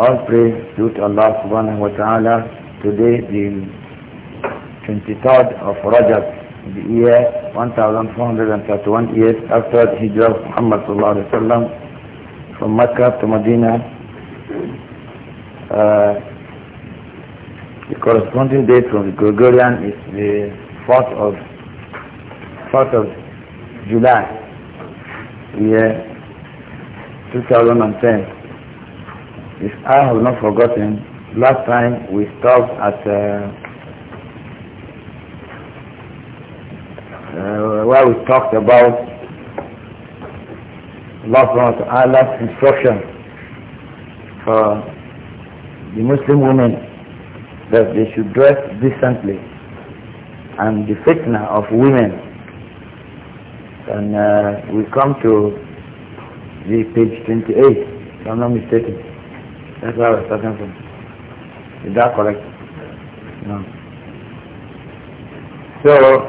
All praise due to Allah subhanahu wa ta'ala. Today the 23rd of Rajab, the year 1431 years after the Hijrah of Muhammad sallallahu alayhi wa sallam from Mecca to Medina. Uh, the corresponding date from the Gregorian is the 4th of 4th of July, year 2010. If I have not forgotten, last time we stopped at uh, uh, where we talked about Allah Allah's instruction for the Muslim women that they should dress decently and the fitna of women. And uh, we come to the page 28, if I'm not mistaken. That's where we're starting from. Is that correct? No. So,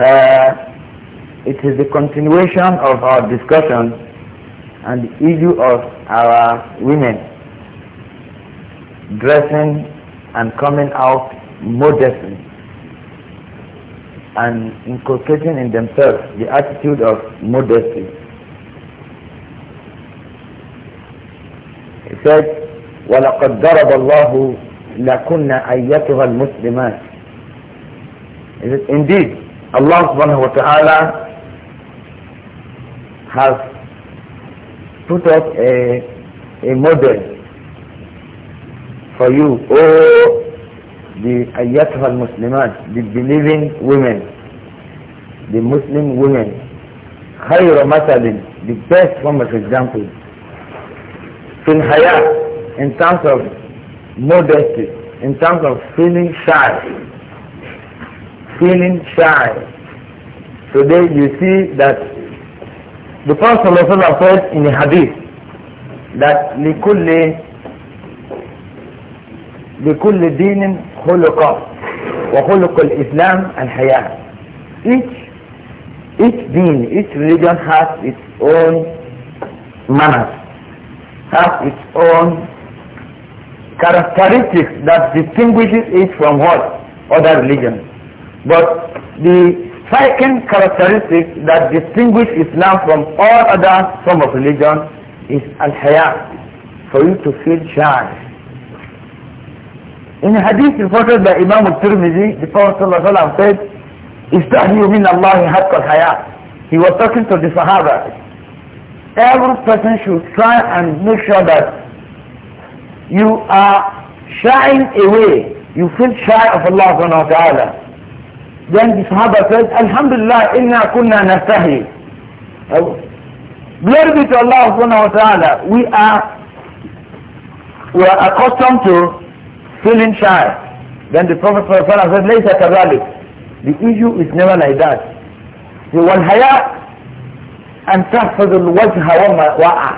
uh, it is the continuation of our discussion and the issue of our women dressing and coming out modestly and inculcating in themselves the attitude of modesty الإنتاج ولقد ضرب الله لكن أيتها المسلمات indeed Allah subhanahu wa ta'ala has put up a, a model for you oh the ayyatuha al-muslimat the believing women the muslim women khayra masalin the best form of example fil haya, in terms of modesty, in terms of feeling shy, feeling shy. Today you see that the Prophet said in the hadith that لِكُلِّ لكل دين خلق وخلق الإسلام الحياة each each deen each religion has its own manners has its own characteristics that distinguishes it from what? Other religions. But the second characteristic that distinguishes Islam from all other forms of religion is al-haya, for you to feel shy. In a hadith reported by Imam al-Tirmidhi, the Prophet ﷺ said, "Istahyu min Allah haqq al-haya." He was talking to the Sahaba, every person should try and make sure that you are shying away. You feel shy of Allah subhanahu wa ta'ala. Then the Sahaba said, Alhamdulillah, inna kunna nastahi. Glory be to Allah subhanahu wa ta'ala. We are, we are accustomed to feeling shy. Then the Prophet said, Laysa kadhalik. The issue is never like that. The wal haya and تحفظ الوجه وما وقع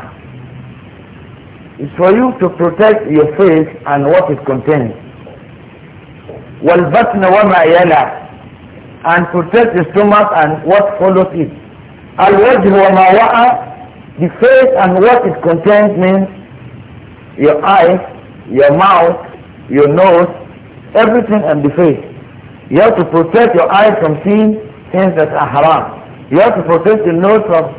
It's for you to protect your face and what it contains والبطن وما يلا and protect the stomach and what follows it الوجه وما وقع the face and what it contains means your eyes your mouth your nose everything and the face you have to protect your eyes from seeing things that are haram you have to protect the nose from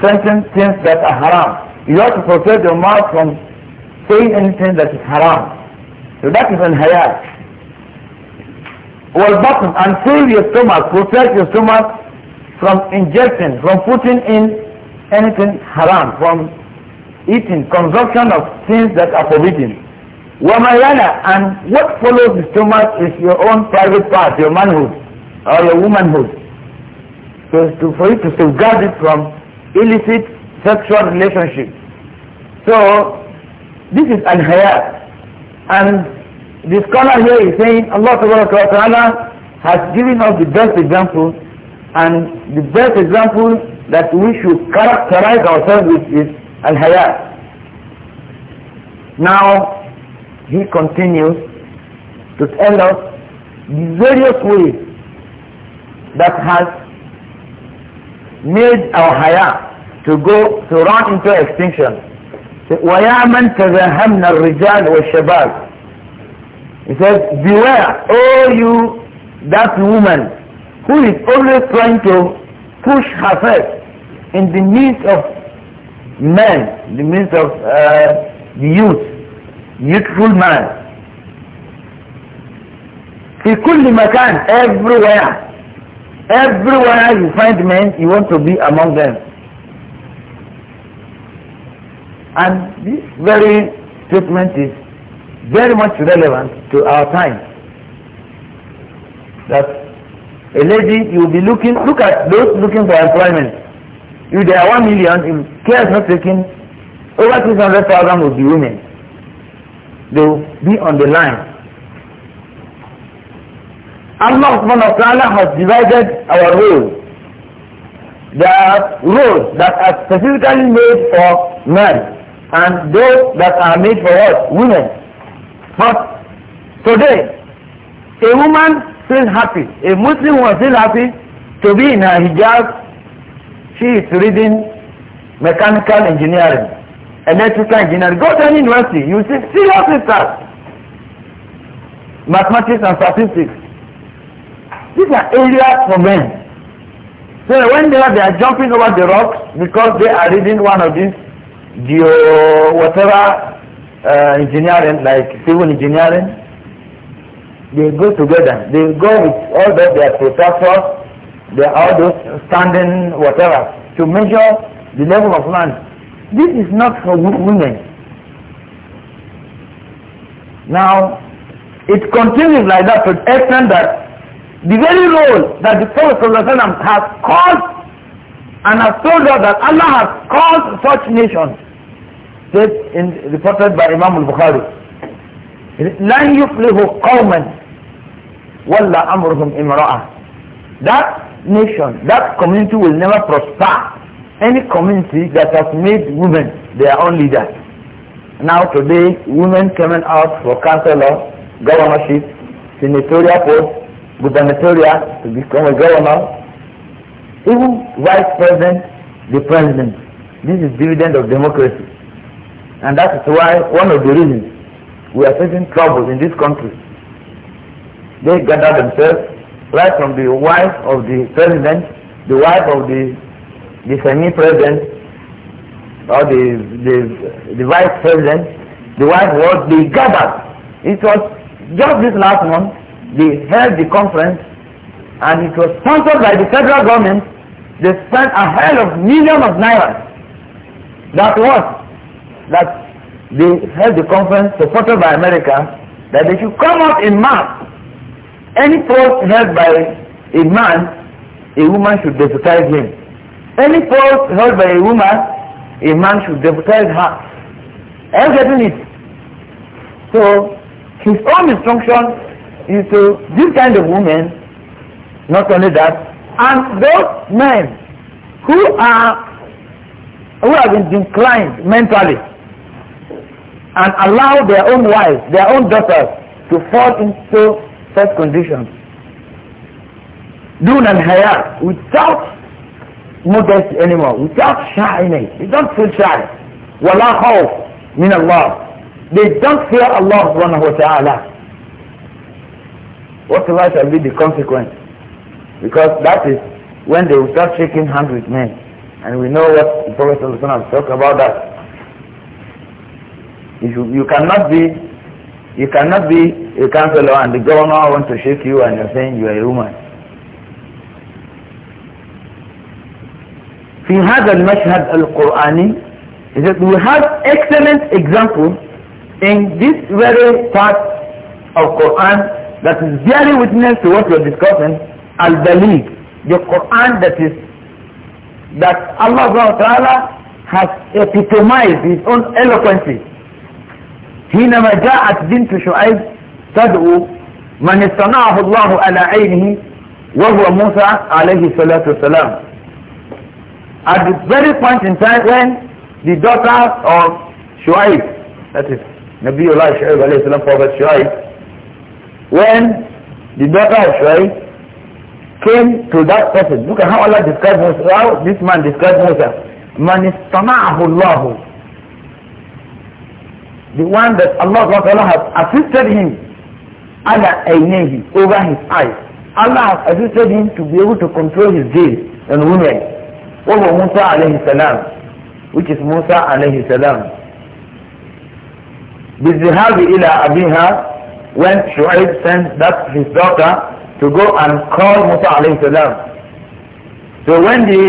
certain things that are haram. You have to protect your mouth from saying anything that is haram. So that is an hayat. Well, bottom and save your stomach, protect your stomach from ingesting, from putting in anything haram, from eating, consumption of things that are forbidden. Wamayana, and what follows the stomach is your own private part, your manhood or your womanhood so as to, for you to safeguard it from illicit sexual relationship. So this is al-hayat and the scholar here is saying Allah Ta'ala has given us the best example and the best example that we should characterize ourselves with is al-hayat. Now he continues to tell us the various ways that has made our haya to go to run into extinction. وَيَا مَنْ تَذَهَمْنَ الرِّجَالِ وَالشَّبَابِ He says, beware, oh you, that woman who is always trying to push herself in the midst of men, in the midst of uh, the youth, youthful man. في كل مكان everywhere Everywhere you find men, you want to be among them. And this very statement is very much relevant to our time. That a lady, you'll be looking, look at those looking for employment. If there are one million, if care is not taken, over 200,000 will be women. They will be on the line Allah subhanahu wa ta'ala has divided our roles. There are roles that are specifically made for men and those that are made for us, women. But today, a woman still happy, a Muslim woman still happy to be in her hijab. She is reading mechanical engineering, electrical engineering. Go to any university, you see serious research, mathematics and statistics. These are areas for men. So when they are, they are jumping over the rocks because they are reading one of these geo whatever uh, engineering, like civil engineering, they go together. They go with all those their professors, their all those standing whatever to measure the level of land. This is not for women. Now, it continues like that to the extent that the very role that the Prophet has called and has told us that Allah has called such nations said in reported by Imam al-Bukhari لن يفلح قوما ولا أمرهم امرأة that nation that community will never prosper any community that has made women their own leaders now today women coming out for councillor governorship senatorial post gubernatorial to become a governor, even vice president, the president. This is dividend of democracy. And that is why one of the reasons we are facing trouble in this country. They gather themselves right from the wife of the president, the wife of the, the semi-president, or the, the, the vice president, the wife was, they gathered. It was just this last month they held the conference and it was sponsored by the federal government. They spent a hell of millions of naira. That was that they held the conference supported by America that they should come out in mass. Any post held by a man, a woman should deputize him. Any post held by a woman, a man should deputize her. I'm getting it. So his own instruction you so this kind of women, not only that, and those men who are who have been declined mentally and allow their own wives, their own daughters to fall into such conditions. Dun and Hayat, without modesty anymore, without shyness, they don't feel shy. Wala khawf min Allah. They don't fear Allah subhanahu wa ta'ala whatever shall be the consequence. Because that is when they will start shaking hands with men. And we know what the Prophet talked about that. You, you cannot be you cannot be a counselor and the governor wants to shake you and you're saying you are a woman. في هذا المشهد القرآني is that we have excellent example in this very part of Quran that is bearing witness to what we are discussing, al-bali, the Quran that is that Allah Ta'ala has epitomized his own eloquence. حينما جاءت بنت شعيب تدعو من استنعه الله على عينه وهو موسى عليه والسلام. At the very point in time when the daughter of Shu'aib, that is Nabiullah Shu'aib alayhi salam, Prophet Shu'aib, when the daughter of Shuaib came to that person. Look at how Allah describes Musa, how this man describes Musa. Man istama'ahu Allahu, The one that Allah has assisted him ala aynahi, over his eyes. Allah has assisted him to be able to control his gaze and women. Over Musa alayhi salam, which is Musa alayhi salam. بالذهاب إلى أبيها when Shu'aib sent that his daughter to go and call Musa alayhi salam. So when the,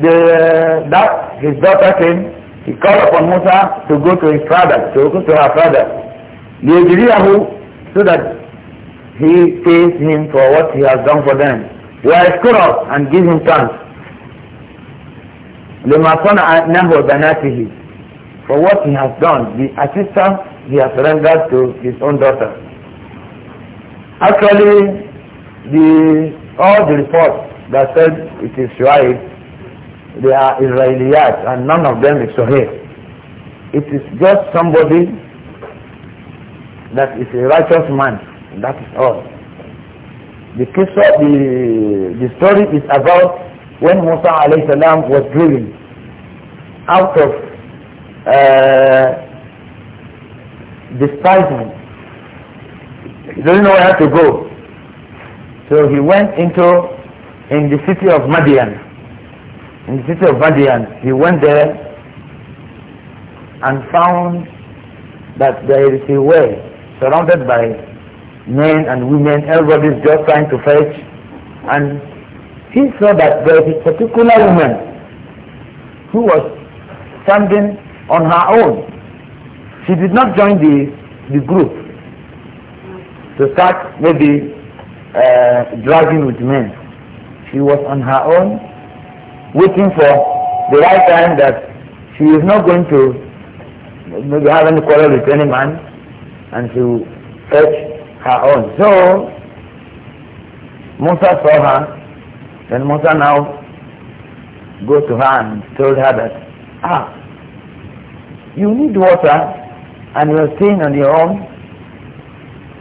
the, that his daughter came, he called upon Musa to go to his father, to go to her father. Liyajriyahu, so that he pays him for what he has done for them. ويشكره and give him thanks. لما صنع نحو بناته for what he has done, the assistance he has surrendered to his own daughter. Actually, the, all the reports that said it is right, they are Israeliyat and none of them is Sahih. It is just somebody that is a righteous man. That is all. The case of the, the story is about when Musa alayhi salam was driven out of uh, despising. He doesn't know where to go. So he went into in the city of Madian. In the city of Madian, he went there and found that there is a way surrounded by men and women, everybody is just trying to fetch. And he saw that there is a particular woman who was standing on her own she did not join the the group to start maybe uh, driving with men. She was on her own, waiting for the right time that she is not going to maybe have any quarrel with any man, and she fetch her own. So Musa saw her. Then Musa now goes to her and told her that, ah, you need water and you are staying on your own,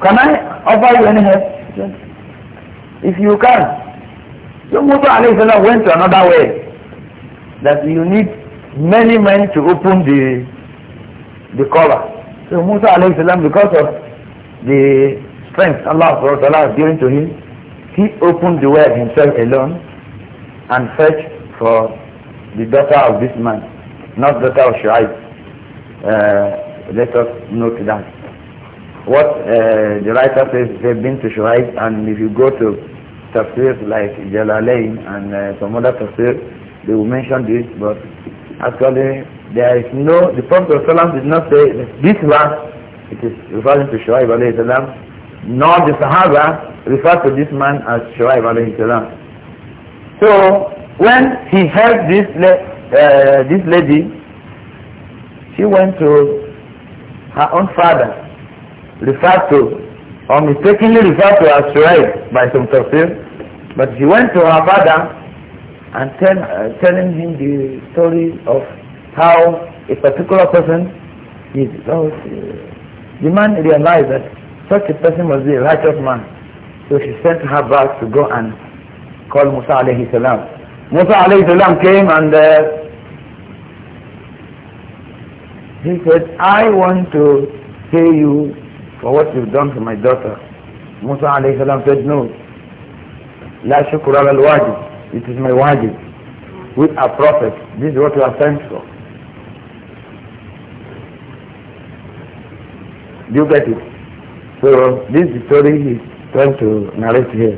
can I offer you any help? If you can. So Musa alayhi went to another way that you need many men to open the the cover. So Musa alayhi because of the strength Allah has given to him, he opened the well himself alone and searched for the daughter of this man, not daughter of Shu'aib. Uh, let us note that. What uh, the writer says, they've been to Shuhaib, and if you go to tafsir like Jalalain and uh, some other tafsir, they will mention this, but actually there is no, the Prophet did not say this verse, it is referring to Shuhaib alayhi salam, nor the Sahaba refer to this man as Shuhaib alayhi salam. So when he helped this, uh, this lady, she went to her own father, referred to or mistakenly referred to as right by some tafsir, but she went to her father and tell, uh, telling him the story of how a particular person is. So, uh, the man realized that such a person must be a righteous man. So she sent her back to go and call Musa alayhi salam. Musa alayhi salam came and uh, he said, I want to pay you for what you've done for my daughter. Musa alayhi salam said, no. La shukr al wajib. It is my wajib. With a prophet. This is what you are sent for. Do you get it? So this is the story he's trying to narrate here.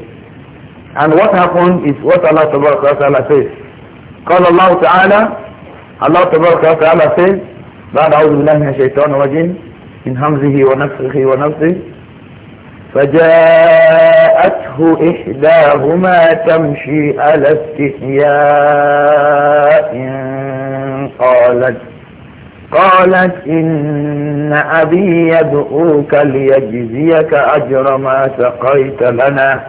And what happened is what Allah Ta'ala says. Allah Taala. Allah Subhanahu wa Taala says بعد أعوذ بالله من الشيطان الرجيم من همزه ونفخه ونفخه فجاءته إحداهما تمشي على استحياء قالت قالت إن أبي يدعوك ليجزيك أجر ما سقيت لنا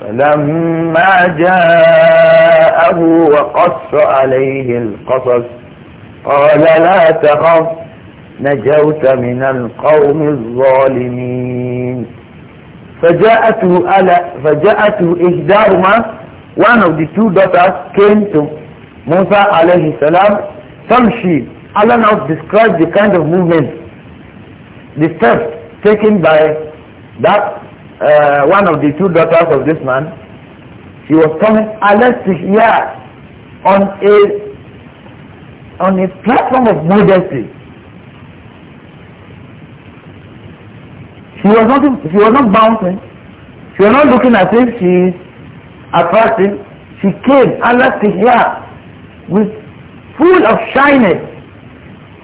فلما جاءه وقص عليه القصص قال لا تخف نجوت من القوم الظالمين فجاءته ألا فجاءته إحداهما one of the two daughters came to Musa alayhi salam tamshi Allah now describes the kind of movement the steps taken by that uh, one of the two daughters of this man she was coming on a on a platform of modesty. She was not she was not bouncing. She was not looking as if she is attractive. She came, Allah to here with full of shyness,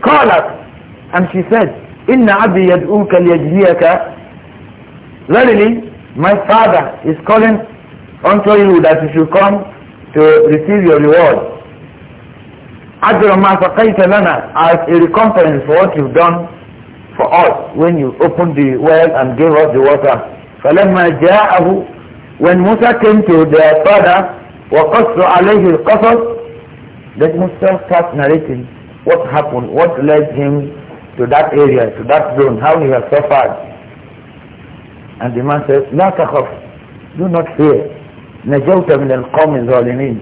Call us, and she said, Inna Abi yad'uka liyajliyaka. Verily, my father is calling unto you that you should come to receive your reward. أجر ما سقيت لنا as a recompense for what you've done for us when you opened the well and gave us the water. فلما جاءه when Musa came to their father وقص عليه القصص let Musa start narrating what happened, what led him to that area, to that zone, how he has suffered. And the man says, لا تخف, do not fear. نجوت من القوم الظالمين.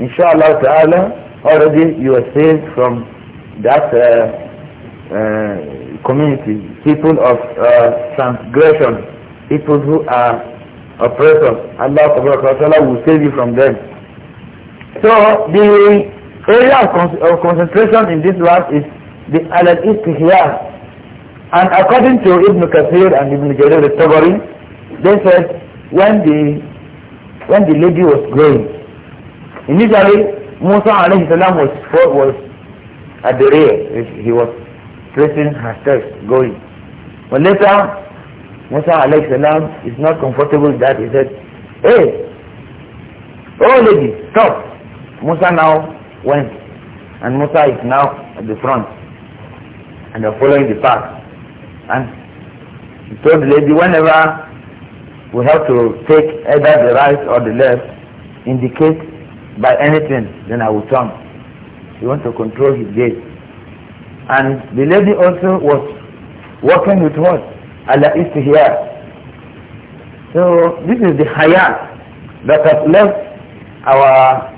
إن شاء الله تعالى already you are saved from that uh, uh, community, people of uh, transgression, people who are oppressors. Allah will save you from them. So the area of, con of concentration in this verse is the al-istihya. And according to Ibn Kathir and Ibn Jarir al-Tabari, they said when the when the lady was growing, initially Musa alayhi salam was, was at the rear. He was pressing her steps going. But later, Musa alayhi salam is not comfortable with that he said, Hey, oh lady, stop. Musa now went. And Musa is now at the front. And they're following the path. And he told the lady, whenever we have to take either the right or the left, indicate by anything, then I will turn. He wants to control his gaze. And the lady also was working with what? Allah is here. So this is the hayat that has left our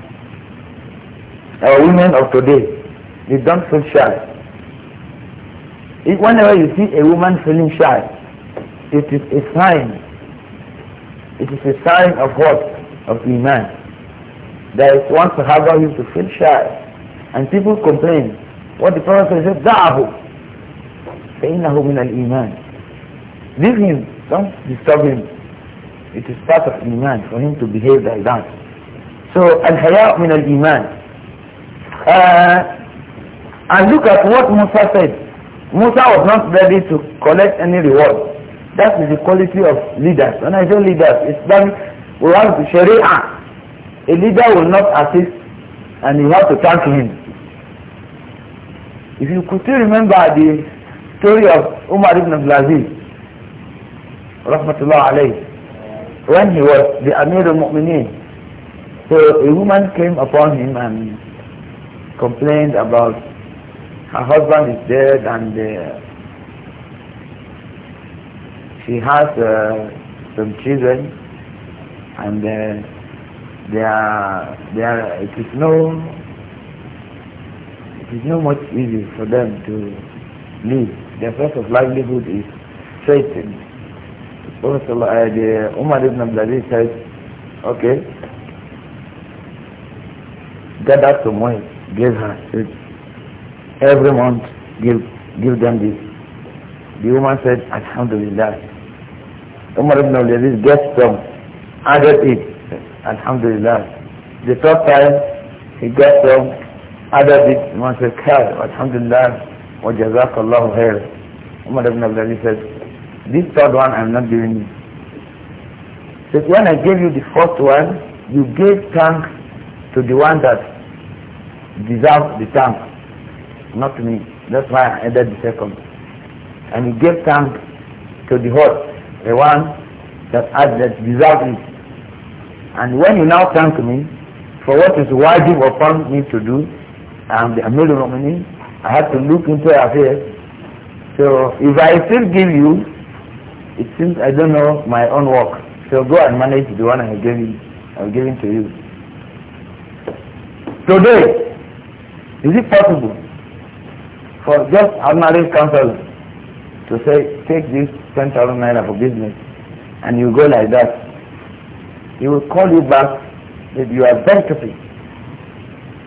our women of today. They don't feel shy. If whenever you see a woman feeling shy, it is a sign. It is a sign of what? Of iman want to have him to feel shy and people complain. What the Prophet said, دعه فإنه من الإيمان. Leave him, don't disturb him. It is part of Iman for him to behave like that. So الحياء من الإيمان. Uh, and look at what Musa said. Musa was not ready to collect any reward. That is the quality of leaders. When I say leaders, it's done we want Sharia a leader will not assist and you have to thank him. If you could still remember the story of Umar ibn Abdulaziz, rahmatullah alayhi, when he was the Amir al-Mu'mineen, so a woman came upon him and complained about her husband is dead and uh, she has uh, some children and uh, there, there, it is no, it is no much easy for them to live. Their source of livelihood is Satan. The Prophet uh, the Umar ibn Abdulaziz says, okay, gather some money, give her it. Every month, give, give them this. The woman said, Alhamdulillah. Umar ibn Abdulaziz gets some, added it. Alhamdulillah. The first time he got from other bit one said, Kal, Alhamdulillah, wa jazakallahu khair. Umar ibn Abdullah said, this third one I'm not giving you. He said, when I gave you the first one, you gave thanks to the one that deserved the thanks, not me. That's why I added the second. And he gave thanks to the host, the one that, that deserved it. And when you now thank me for what is wajib upon me to do, I'm the Amir Romani, I have to look into your affairs. So if I still give you, it seems I don't know my own work. So go and manage the one I am giving, I'm giving to you. Today, is it possible for just ordinary council to say, take this 10,000 naira for business and you go like that he will call you back if you are benefiting.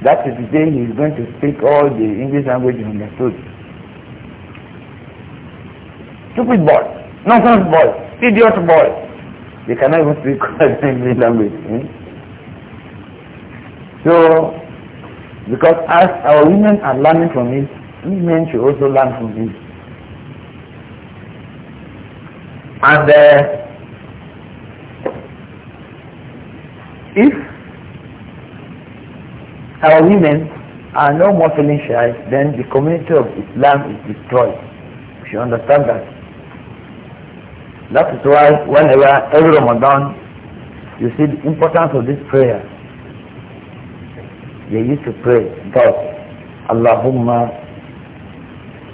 That is the day he is going to speak all the English language understood. Stupid boy, nonsense boy, idiot boy. They cannot even speak English language. Eh? So, because as our women are learning from it, we men should also learn from it. And uh, If our women are no more feeling shy, then the community of Islam is destroyed. You should understand that. That is why whenever every Ramadan you see the importance of this prayer. They used to pray, God, Allahumma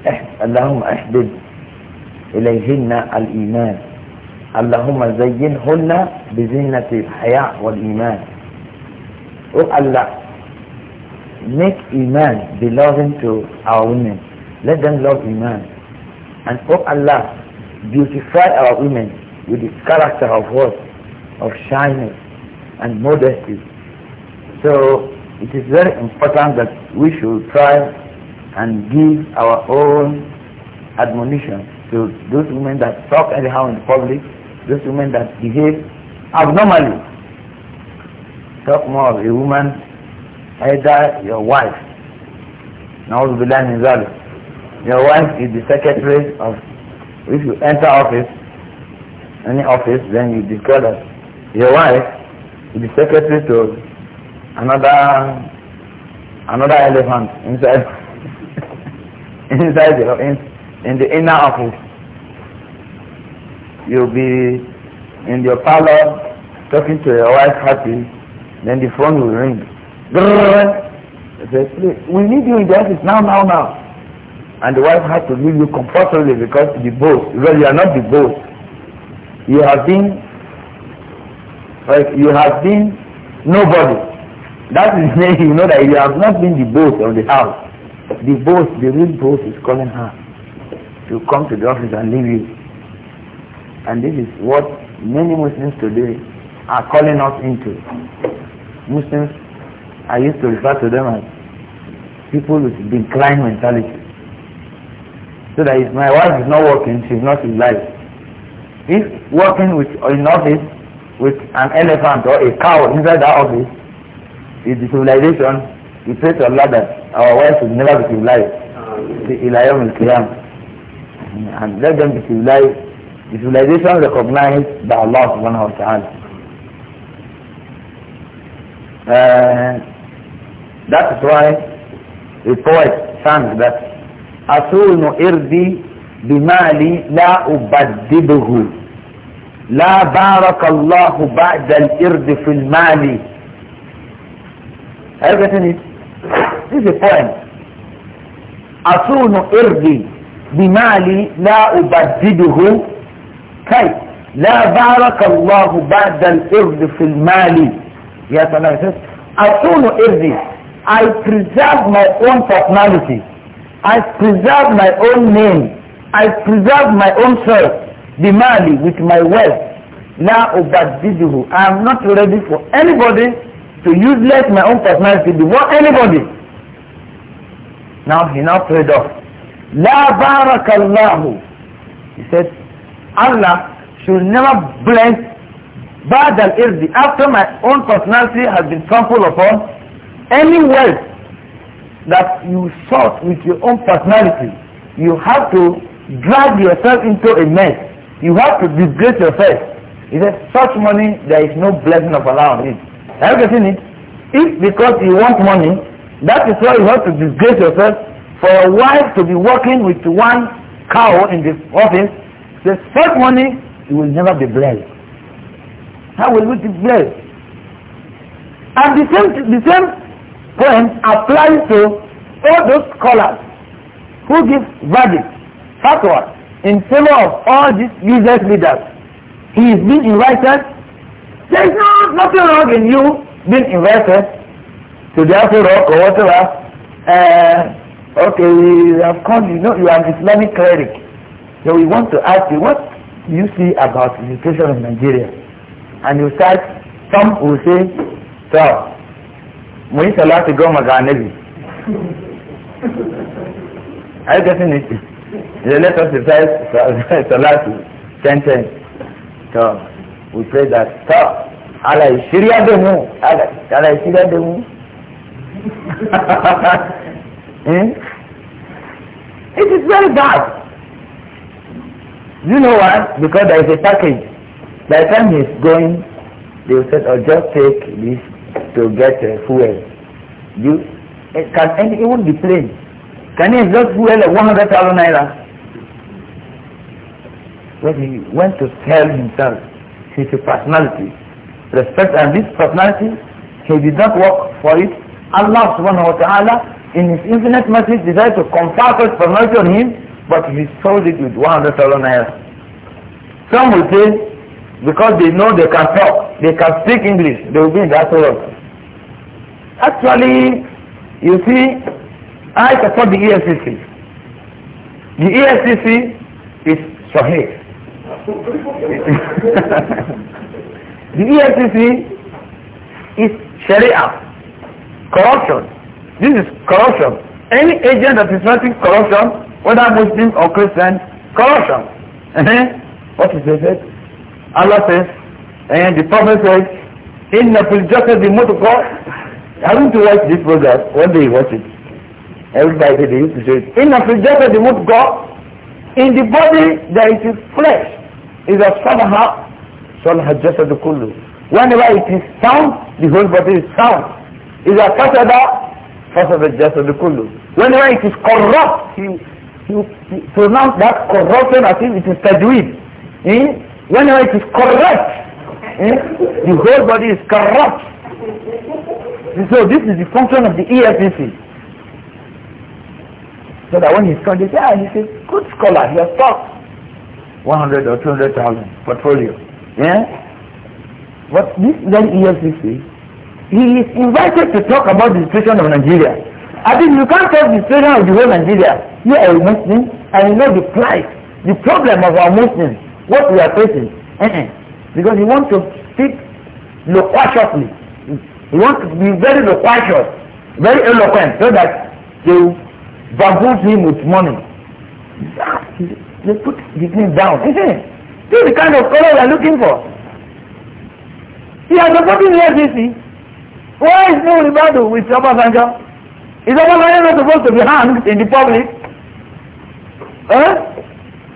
eh, Allahumma احبب al iman. اللهم زينهن بزينة wal والإيمان Oh Allah, make Iman be to our women. Let them love Iman. And oh Allah, beautify our women with the character of what? Of shyness and modesty. So it is very important that we should try and give our own admonition to those women that talk anyhow in public those women that behave abnormally. Talk more of a woman, either your wife, now your wife is the secretary of, if you enter office, any office, then you discover your wife is the secretary to another another elephant inside inside the in, in the inner office you'll be in your parlor talking to your wife happy, then the phone will ring. Say, we need you in the office now, now, now. And the wife has to leave you comfortably because the boss, well, you are not the boss. You have been, like, you have been nobody. That is saying you know that you have not been the boss of the house. The boss, the real boss is calling her to come to the office and leave you. And this is what many Muslims today are calling us into. Muslims, I used to refer to them as people with decline mentality. So that if my wife is not working, she's not in life. If working with in office with an elephant or a cow inside that office is the civilization, we pray to Allah that our wives will never be civilized. The Ilayam will And let them be civilized visualization recognized by Allah subhanahu wa ta'ala. Uh, that is why the poet sang that أصون إردي بمالي لا أبدده لا بارك الله بعد الإرد في المال Are you getting it? This is the point. أصون إردي بمالي لا أبدده kai la barakallahu ba'da al-ird fil mali ya salam says own irdi i preserve my own personality i preserve my own name i preserve my own self The bimali with my wealth la ubaddiduhu i am not ready for anybody to useless my own personality before anybody now he now prayed off la barakallahu he said Allah should never bless bad and irdi after my own personality has been trampled upon any wealth that you sought with your own personality you have to drag yourself into a mess you have to disgrace yourself he said such money there is no blessing of Allah on it have you seen it if because you want money that is why you have to disgrace yourself for a wife to be working with one cow in the office the fake money, you will never be blessed. How will we be blessed? And the same, the same point applies to all those scholars who give verdict, fatwa, in favor of all these useless leaders. He is being invited. There is no, nothing wrong in you being invited to the Afro Rock or whatever. Uh, okay, of course, you know you are an Islamic cleric. So we want to ask you, what do you see about education in Nigeria? And you start, some will say, so, mun to salatu to ga annabi. Are you getting it? They let us recite salatu ten times. So, we pray that, so, Allah is Syria demu, Allah is Syria demu. Hmm? It is very bad. You know why? Because there is a package. By the time he's going, they will say, oh, just take this to get uh, fuel. You, it can and even the plane. Can he just fuel at 100,000 naira? When he went to sell himself, his personality, respect and this personality, he did not work for it. Allah subhanahu wa ta'ala in his infinite mercy decided to confer his personality on him but he sold it with 100,000 naira. Some will say, because they know they can talk, they can speak English, they will be in that world. Actually, you see, I support the E S C C. The E S C C is Shahid. the E S C C is Sharia. Corruption. This is corruption. Any agent that is fighting corruption whether Muslim or Christian, corruption. Eh? What is it? Allah says, and eh, the Prophet says, in the the car, having to watch this program, when you watch it, everybody they used to say, in the the car, in the body there is flesh, is a salaha, just the kullu. Whenever it is sound, the whole body is sound. Is a fasada, just the kullu. Whenever it is corrupt, he you pronounce that corruption as if it is tajweed. Eh? Whenever it is corrupt, eh? the whole body is corrupt. So this is the function of the EFCC. So that when ah, he's come, they say, ah, says, good scholar, he has taught 100 or 200,000 portfolio. Yeah? But this then EFCC, he is invited to talk about the situation of Nigeria. I think you can't take the situation of the whole Nigeria. You are a Muslim and you know the plight, the problem of our Muslims, what we are facing. Uh -uh. Because you want to speak loquaciously. You want to be very loquacious, very eloquent, so that they bamboozle him with money. They put his name down. this is the kind of color we are looking for. He has a 14 years, you see. Why is no Ribado with Rabba Sanjay? Is our lawyer not supposed to be hanged in the public? Eh?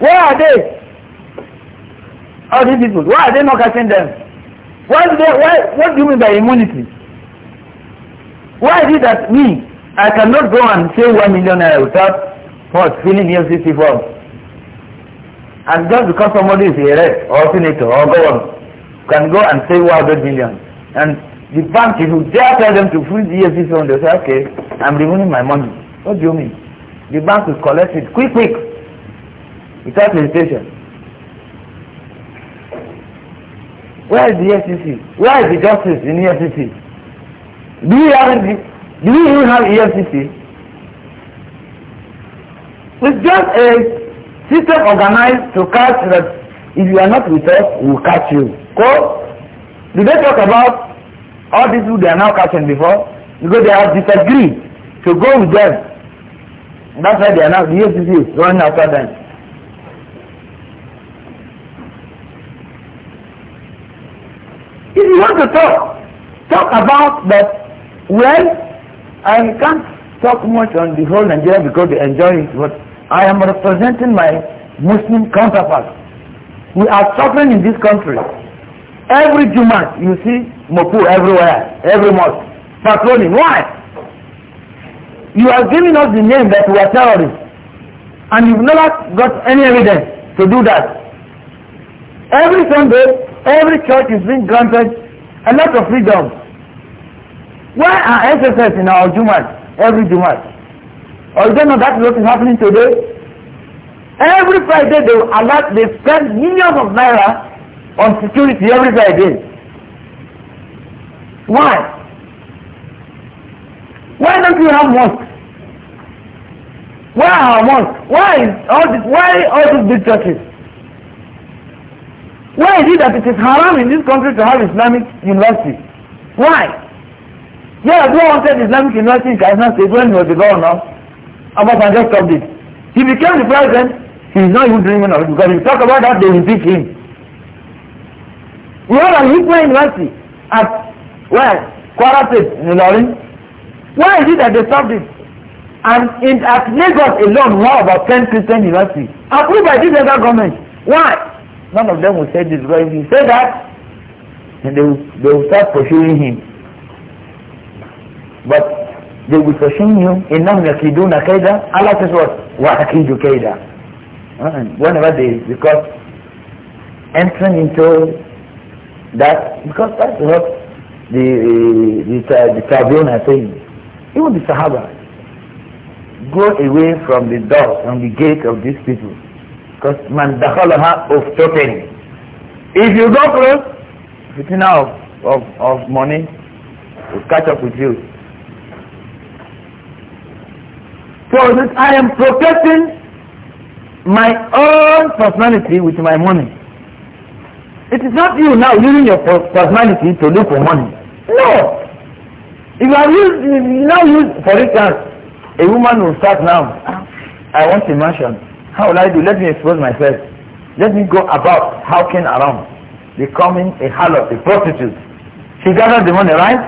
Where are they? All these people, why are they not catching them? Why do they, why, what do you mean by immunity? Why is it that me, I cannot go and say one million naira without what, filling UCC form? And just because somebody is a rep or senator or governor can go and say hundred million and The bank, if you dare tell them to freeze the EFCC fund, they say, okay, I'm removing my money. What do you mean? The bank will collect it quick, quick, without hesitation. Where is the EFCC? Where is the justice in EFCC? Do you have do you even have EFCC? It's just a system organized to catch that if you are not with us, we will catch you. Go. Did they talk about All these who they are now catching before, because they have disagreed to go with them. That's why they are now, the ACC is running after them. If you want to talk, talk about that, well, I can't talk much on the whole Nigeria because they enjoy it, but I am representing my Muslim counterparts. We are suffering in this country. Every two months. you see, mopu everywhere, every mosque. Patrolling. Why? You are giving us the name that we are terrorists. And you've never got any evidence to do that. Every Sunday, every church is being granted a lot of freedom. Why are SSS in our Jumat, every Jumat? Or is that not that what is happening today? Every Friday they alert, they spend millions of naira on security every Friday. Why? Why don't you have mosque? Why are mosque? Why all this, why all these big churches? Why is it that it is haram in this country to have Islamic university? Why? Yeah, who wanted Islamic university in Kaisna State when he was the governor? Abbasanja stopped it. He became the president. He is not even dreaming of it because if you talk about that, they will impeach him. We have a Hikmah University at Where? Kwara State, Nilorin. Why is it that they stopped it? And in, at Lagos alone, we have about 10 Christian universities. Approved by this other government. Why? None of them will say this. But if you say that, then they will, they will start pursuing him. But they will pursue you. إِنَّهُمْ يَكِيدُونَ كَيْدًا Allah says what? وَأَكِيدُ keda. Uh-huh. Whenever they, because entering into that, because that's what the uh, the, the Tabi'un are saying, even the Sahaba, go away from the door and the gate of these people. Because man dakhalaha of token. If you go close, fitna of, of, of money will catch up with you. So I am protecting my own personality with my money. It is not you now using your personality to look for money. No. If I use, if you now use, for instance, a woman will start now. I want a mansion. How will I do? Let me expose myself. Let me go about hawking around, becoming a harlot, a prostitute. She gathered the money, right?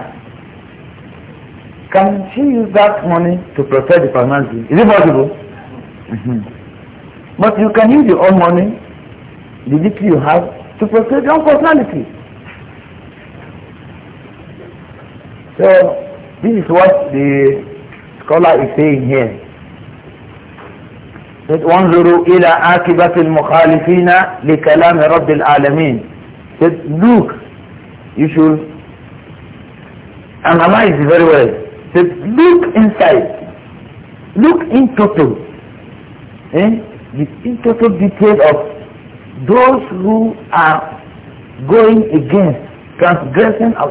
Can she use that money to prepare the personality? Is it possible? Mm -hmm. But you can use your own money, the little you have, to frustrate your personality. So this is what the scholar is saying here. That وانظروا إلى عاقبة المخالفين لكلام رب العالمين. That look, you should analyze very well. That look inside, look in total, eh? the in total detail of those who are going against transgressing of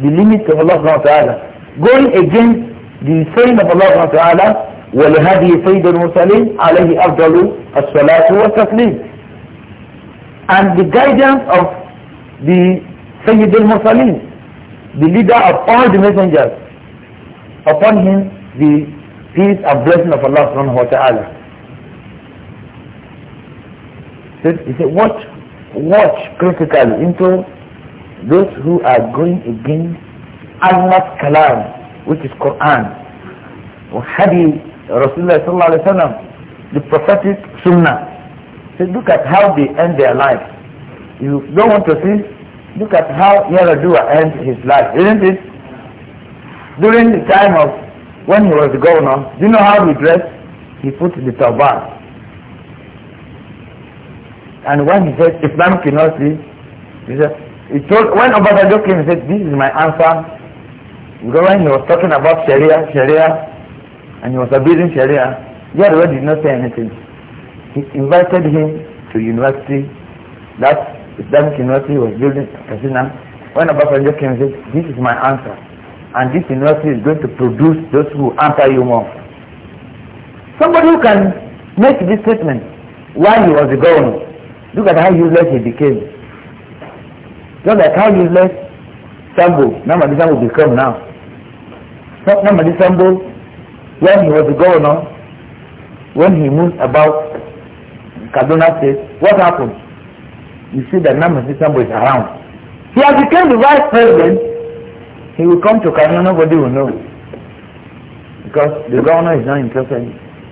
the limits of Allah subhanahu wa ta'ala, going against the saying of Allah subhanahu wa ta'ala, وَلِهَذِي سَيِّدُ الْمُرْسَلِينَ عَلَيْهِ أَفْضَلُ الصَّلَاةُ وَالتَّسْلِيمُ And the guidance of the Sayyid al-Mursaleen, the leader of all the messengers, upon him the peace and blessing of Allah subhanahu wa ta'ala he said, watch, watch critically into those who are going against Allah's Kalam, which is Quran, Hadi Rasulullah sallallahu alaihi wasallam, the prophetic Sunnah. said, look at how they end their life. You don't want to see? Look at how Yaradua ends his life, isn't it? During the time of when he was the governor, do you know how he dressed? He put the turban and when he said Islam cannot see, he said, he told, when Obadiah came, he said, this is my answer. Because when he was talking about Sharia, Sharia, and he was abusing Sharia, Yadwa did not say anything. He invited him to university that Islamic university was building Kasina. When Obadiah came, he said, this is my answer. And this university is going to produce those who answer you more. Somebody who can make this statement while he was the governor Look at how useless he became. Look at how useless Sambo, Namadi Sambo become now. Namadi Sambo, when he was the governor, when he moved about Kaduna State, what happened? You see that Namadi Sambo is around. He has become the vice president. He will come to Kaduna, nobody will know. Because the governor is not interested.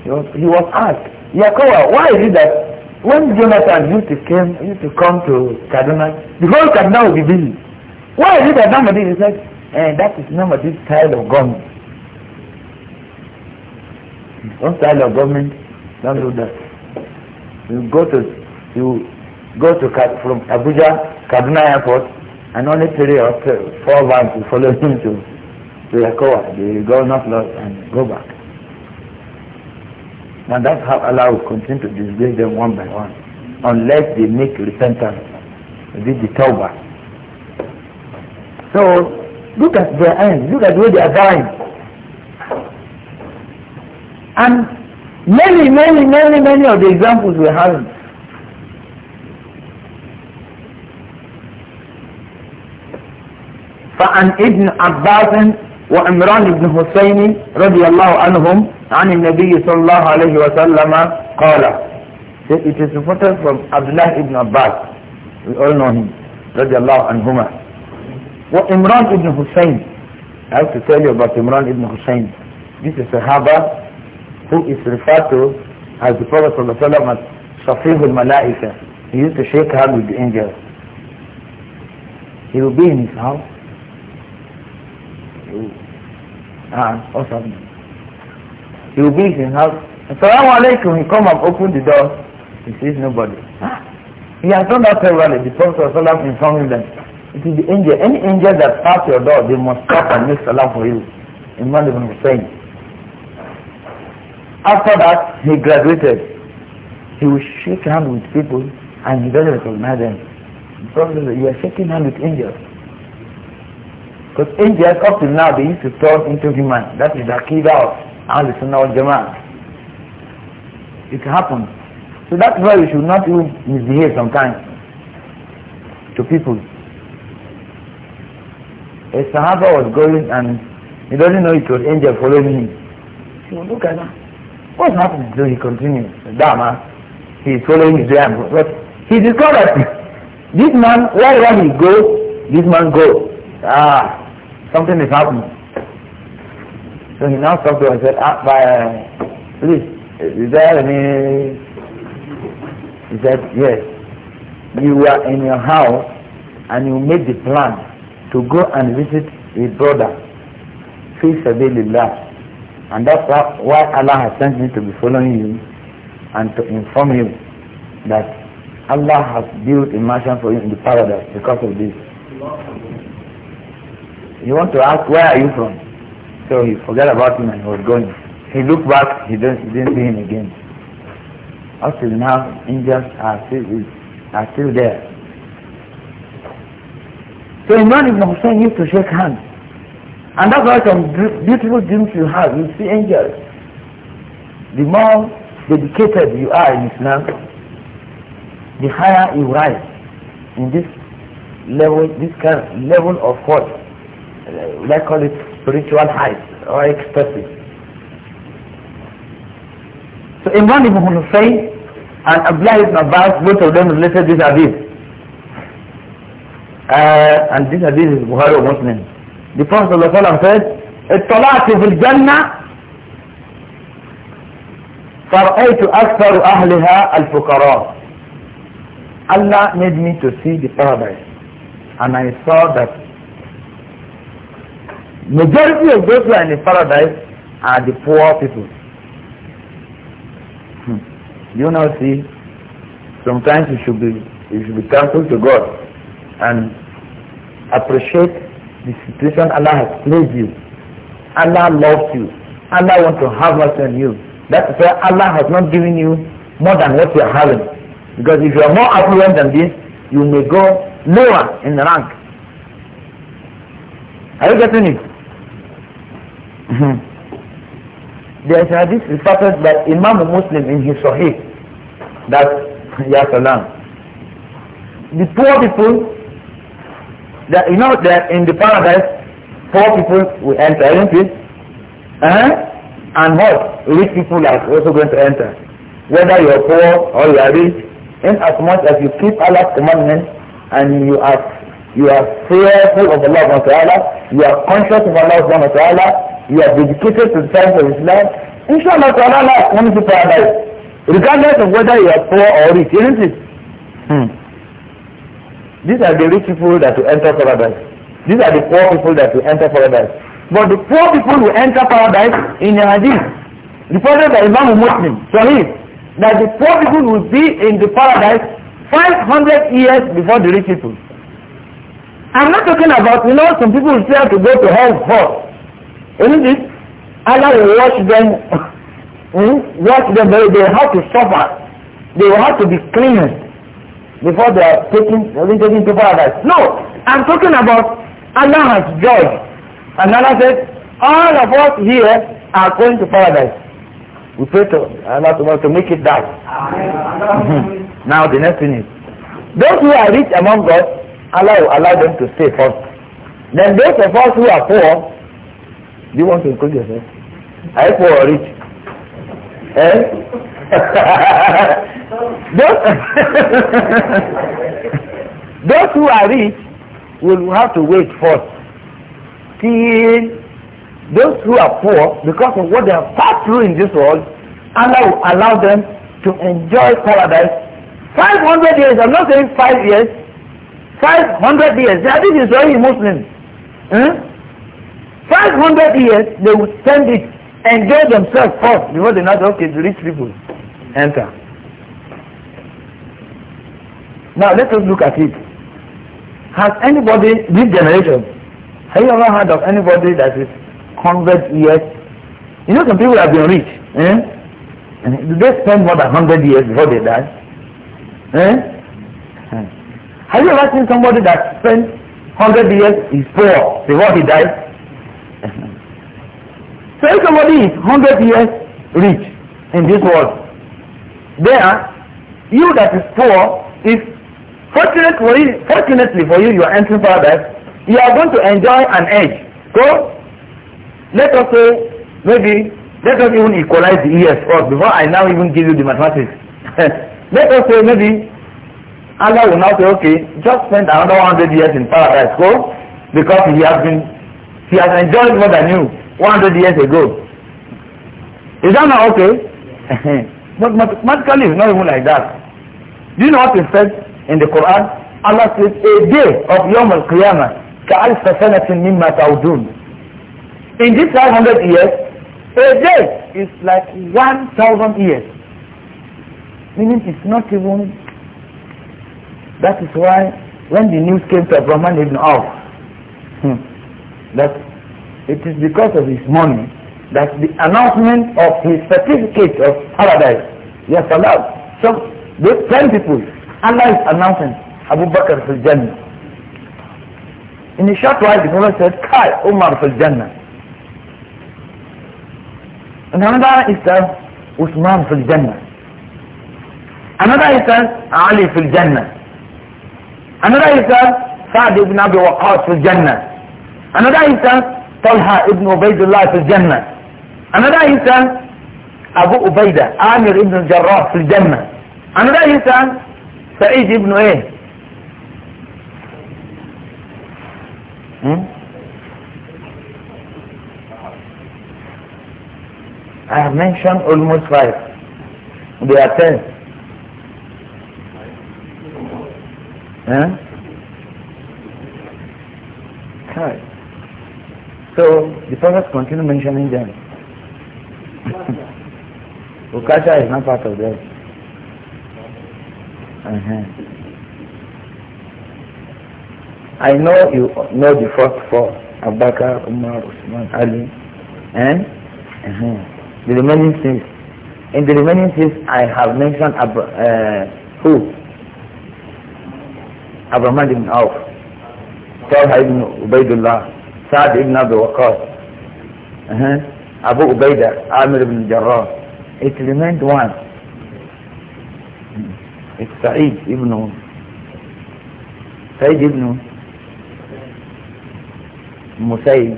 He was, he was asked, Yakowa, why is it that when Jonathan used to came used to come to Kaduna, the whole Kaduna would be busy. Why is it that Namadi is like, eh, that is Namadi's style of government. His style of government, don't do that. You go to you go to from Abuja Kaduna Airport, and only three or four vans will follow him to to Yakowa, the governor's lodge, and go back. And that's how Allah will continue to disgrace them one by one, unless they make repentance, did the tawbah. So look at their end, look at where they are going. And many, many, many, many of the examples we have. فعن ابن عباس وعمران بن حسين رضي الله عنهم عن النبي صلى الله عليه وسلم قال it is reported from Abdullah ibn Abbas we all know him رضي الله عنهما وعمران ibn Hussein I have to tell you about Imran ibn Hussein this is a Sahaba who is referred to as the Prophet صلى الله عليه وسلم as Shafih al-Malaika he used to shake hands with the angels he will be in his house and ah, or something. He will be in house. Assalamu alaikum, he come and open the door. He sees nobody. Ah, he has done that several The Prophet Sallallahu informed them. It is the angel. Any angel that pass your door, they must stop and make salam for you. Imam ibn Hussein. After that, he graduated. He will shake hands with people and he doesn't recognize them. The Prophet said, you are shaking hands with angels. Because angels up till now they used to turn into human. That is the key of Ahl Sunnah wal It happens. So that's why we should not even misbehave sometimes to people. A Sahaba was going and he doesn't know it was angel following him. He will look at that. What's happening? So he continues. Dama, he is following his ram. But he discovered this man, wherever he goes, this man goes. Ah, something is happening. So he now stopped and said, ah, by, uh, please, is there any... He said, yes. You were in your house and you made the plan to go and visit a brother. Fi sabilillah. And that's why Allah has sent me to be following you and to inform you that Allah has built a mansion for you in the paradise because of this. He want to ask, where are you from? So he forgot about him and he was going. He looked back, he didn't, he didn't see him again. Up till now, angels are still, are still there. So Imran ibn Hussein used to shake hands. And that's why some beautiful dreams you have, you see angels. The more dedicated you are in Islam, the higher you rise in this level, this kind of level of force let's uh, call it spiritual height or ecstasy. So Imran ibn Hussein and Abdullah ibn Abbas, both of them related this hadith. Uh, and this hadith is Bukhari or Muslim. The Prophet said, اطلعت في الجنة فرأيت أكثر أهلها الفقراء Allah made me to see the paradise and I saw that majority of those who are in paradise are the poor people hmm. you now see sometimes you should be you should be thankful to God and appreciate the situation Allah has placed you Allah loves you Allah wants to have mercy on you that is why Allah has not given you more than what you are having because if you are more affluent than this you may go lower in the rank are you getting it Hmm. there is a hadith reported by Imam Muslim in his Sahih that Ya Salam. The poor people, that you know that in the paradise, poor people will enter, isn't it? Eh? And what? Rich people are also going to enter. Whether you are poor or you are rich, in as much as you keep Allah's commandments and you are you are fearful of Allah you are conscious of Allah subhanahu you are dedicated to the science of Islam, inshallah ta'ala life won't to paradise. Regardless of whether you are poor or rich, isn't it? Hmm. These are the rich people that will enter paradise. These are the poor people that will enter paradise. But the poor people will enter paradise in the hadith. Reported by Imam Muslim, Sahih, that the poor people will be in the paradise 500 years before the rich people. I'm not talking about, you know, some people will say to go to hell first. Isn't it? Allah will watch them, hmm? watch them, they, they have to suffer. They will have to be cleansed before they are taken, they taken to paradise. No, I'm talking about Allah has judged. And Allah said, all of us here are going to paradise. We pray to Allah to, to make it that. now the next thing is, those who are rich among us, Allah will allow them to stay first. Then those of us who are poor, Do you want to include yourself? Are you poor rich? Eh? those, those who are rich will have to wait first till those who are poor because of what they have passed through in this world Allah will allow them to enjoy paradise Five hundred years I'm not saying five years Five hundred years this is only Muslims hmm? 500 years, they will spend it, and enjoy themselves first before they know, okay, the rich people enter. Now let us look at it. Has anybody, this generation, have you ever heard of anybody that is 100 years? You know some people have been rich. Eh? And they spend more than 100 years before they die. Eh? Have you ever seen somebody that spent 100 years is poor before he dies? So somebody is 100 years rich in this world, there, you that is poor, if fortunate for you, fortunately for you, you are entering paradise, you are going to enjoy an age. So, let us say, maybe, let us even equalize the years first before I now even give you the mathematics. let us say maybe Allah will now say, okay, just spend another 100 years in paradise, go, because he has been, he has enjoyed more than you. 100 years ago. Is that not okay? but mathematically it's not even like that. Do you know what is said in the Quran? Allah says, a day of Yom al-Qiyamah, كَأَلْفَ سَنَةٍ مِمَّا تَعُدُونَ In these 500 years, a day is like 1,000 years. Meaning it's not even... That is why when the news came to Abraham ibn Auf, hmm, that it is because of his money that the announcement of his certificate of paradise yes allowed so those ten people Allah is announcing Abu Bakr fil Jannah in a short while the Prophet said Kai Umar fil Jannah and another instance Usman fil Jannah another is instance Ali fil Jannah another instance Sa'd ibn Abi Waqqas fil Jannah another is instance طلحة ابن عبيد الله في الجنة أنا ده إنسان أبو عبيدة عامر ابن الجراح في الجنة أنا ده إنسان سعيد ابن إيه hmm؟ I have mentioned almost five. They are ten. Huh? Hmm? Five. So the Prophet continue mentioning them. Ukasha is not part of them. Uh -huh. I know you know the first four, Abakar, Umar, Usman, Ali, and uh -huh. the remaining six. In the remaining six, I have mentioned Ab uh, who? Abraham ibn Auf, Talha ibn Ubaidullah, سعد بن أبي وقاص اها أبو عبيدة عامر بن الجراح it remained one it's سعيد ابنه سعيد ابنه مسيب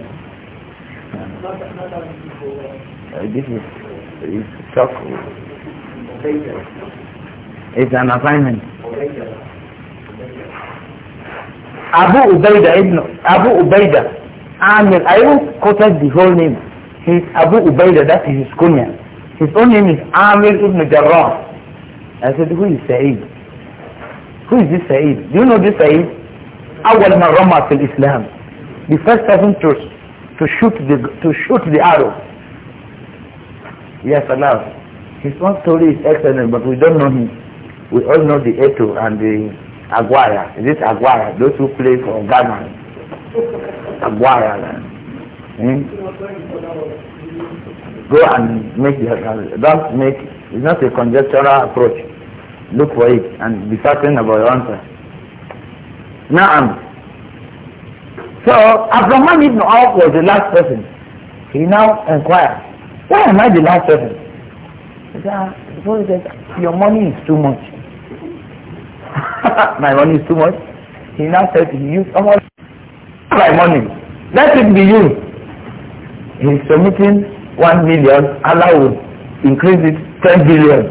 this is, it's an assignment أبو عبيدة ابنه أبو عبيدة Amir. I even quoted the whole name. His Abu Ubaidah, that is his kunya. His own name is Amir ibn Jarrah. I said, who is Sa'id? Who is this Sa'id? Do you know this Sa'id? Awal marama fil Islam. The first person to, to, shoot the, to shoot the arrow. Yes, Allah. His own story is excellent, but we don't know him. We all know the Eto and the Aguara. Is it Aguara? Those who play for Ghana uh, hmm? Go and make the uh, don't make it's not a conjectural approach. Look for it and be certain about your answer. Now, so Abraham ibn Auf was the last person. He now inquires, why am I the last person? He said, ah, your money is too much. My money is too much. He now said "You used almost by morning. Let it be you. He's submitting one million. Allah will increase it ten billion.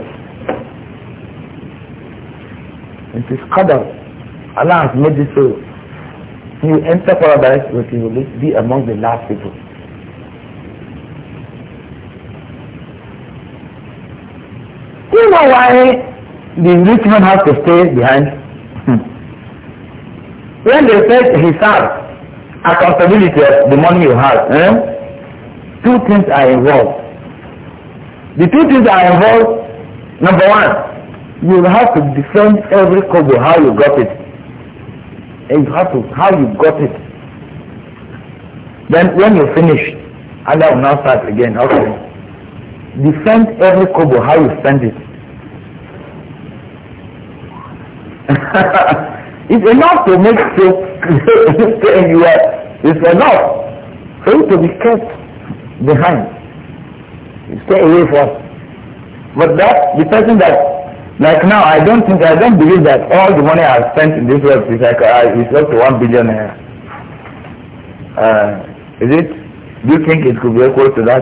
It is qadar. Allah has made it so. You enter paradise but you will be among the last people. You know why the rich man has to stay behind? when they said he served, accountability of the money you have. Eh? Two things are involved. The two things are involved. Number one, you have to defend every kobo how you got it, and you have to how you got it. Then when you finish, Allah will now start again. Okay, defend every kobo how you spend it. It's enough to make you stay you are. It's enough for you to be kept behind. stay away from. But that, the person that, like now, I don't think, I don't believe that all the money I've spent in this world is like, uh, is up to one billion naira. Uh, is it? Do you think it could be equal to that?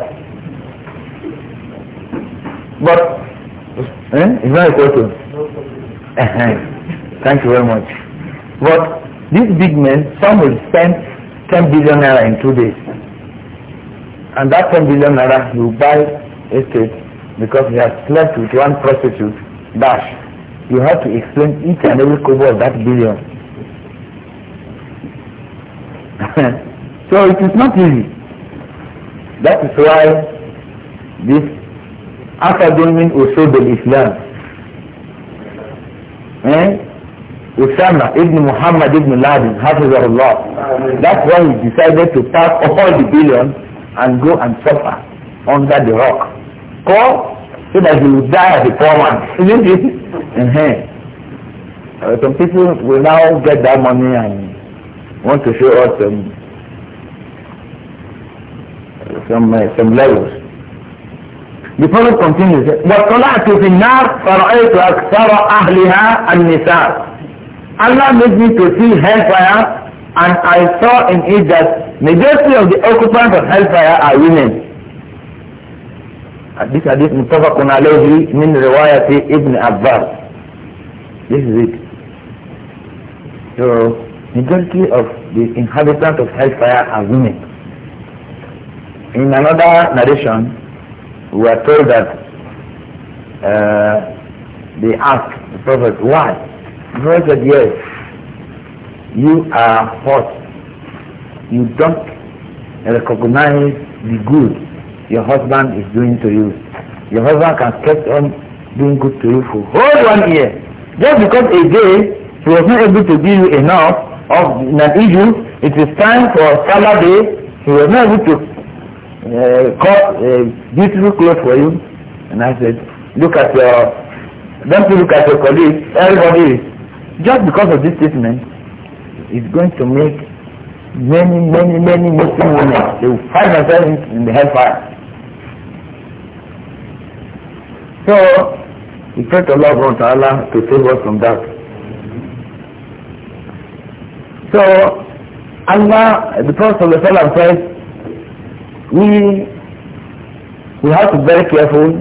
But, eh? it's not equal to. Thank you very much. But these big men, some will spend 10 billion naira in two days. And that 10 billion naira, you buy estate because you have slept with one prostitute, dash. You have to explain each and every kobo of that billion. so it is not easy. That is why this academic usul the Islam. Eh? Usama ibn Muhammad ibn Ladin, Hafizahullah. That's why he decided to pack all the billion and go and suffer under the rock. Poor, so that he would die as a poor man. Isn't it? Uh-huh. uh some people will now get that money and want to show us some some, uh, some levels. The Prophet continues, وَطَلَعْتُ فِي النَّارِ فَرَأَيْتُ أَكْثَرَ أَهْلِهَا النِّسَاءِ Allah made me to see hellfire and I saw in it that majority of the occupants of hellfire are women. This hadith This is it. So majority of the inhabitants of hellfire are women. In another narration, we are told that uh, they asked the Prophet why God said, yes, you are hot. You don't recognize the good your husband is doing to you. Your husband can keep on doing good to you for whole one year. Just because a day he was not able to give you enough of an issue, it is time for Salah day, he was not able to uh, cut uh, beautiful clothes for you. And I said, look at your, don't you look at your colleagues, everybody is Just because of this statement, is going to make many, many, many Muslim women, they will find themselves in the hellfire. So, we pray to Allah Ta'ala to save us from that. So, Allah, the Prophet says, we, we have to be very careful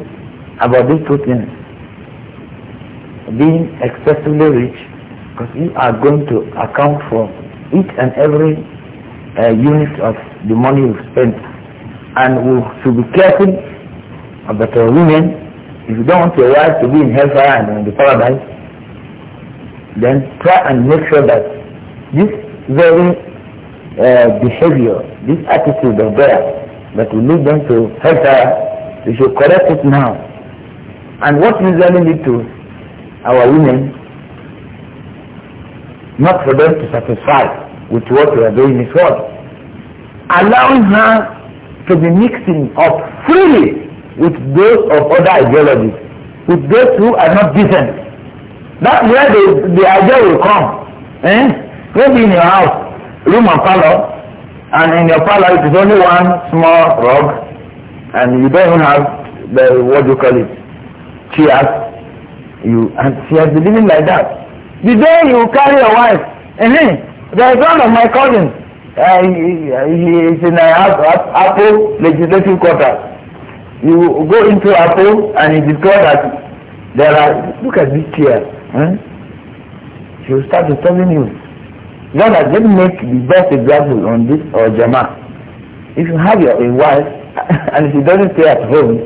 about these two things. Being excessively rich because you are going to account for each and every uh, unit of the money you spend. And we should be careful about our women. If you don't want your wife to be in hellfire and in the paradise, then try and make sure that this very uh, behavior, this attitude of theirs that will lead them to hellfire, we should correct it now. And what usually need to our women not for them to satisfy with what we are doing is what? Allowing her to be mixing up freely with those of other ideologies, with those who are not decent. That's where the, the idea will come. Eh? Maybe in your house, room and parlor, and in your parlor it is only one small rug, and you don't even have the, what do you call it, chairs. You, and she has been living like that the day you carry your wife ehin there is one of my cousins uh, he, is in uh, Apple legislative quarter you go into Apple and you discover that there are look at this chair hmm? Eh? she will start to tell you Lord let me make the best example on this or Jama if you have your a wife and she doesn't stay at home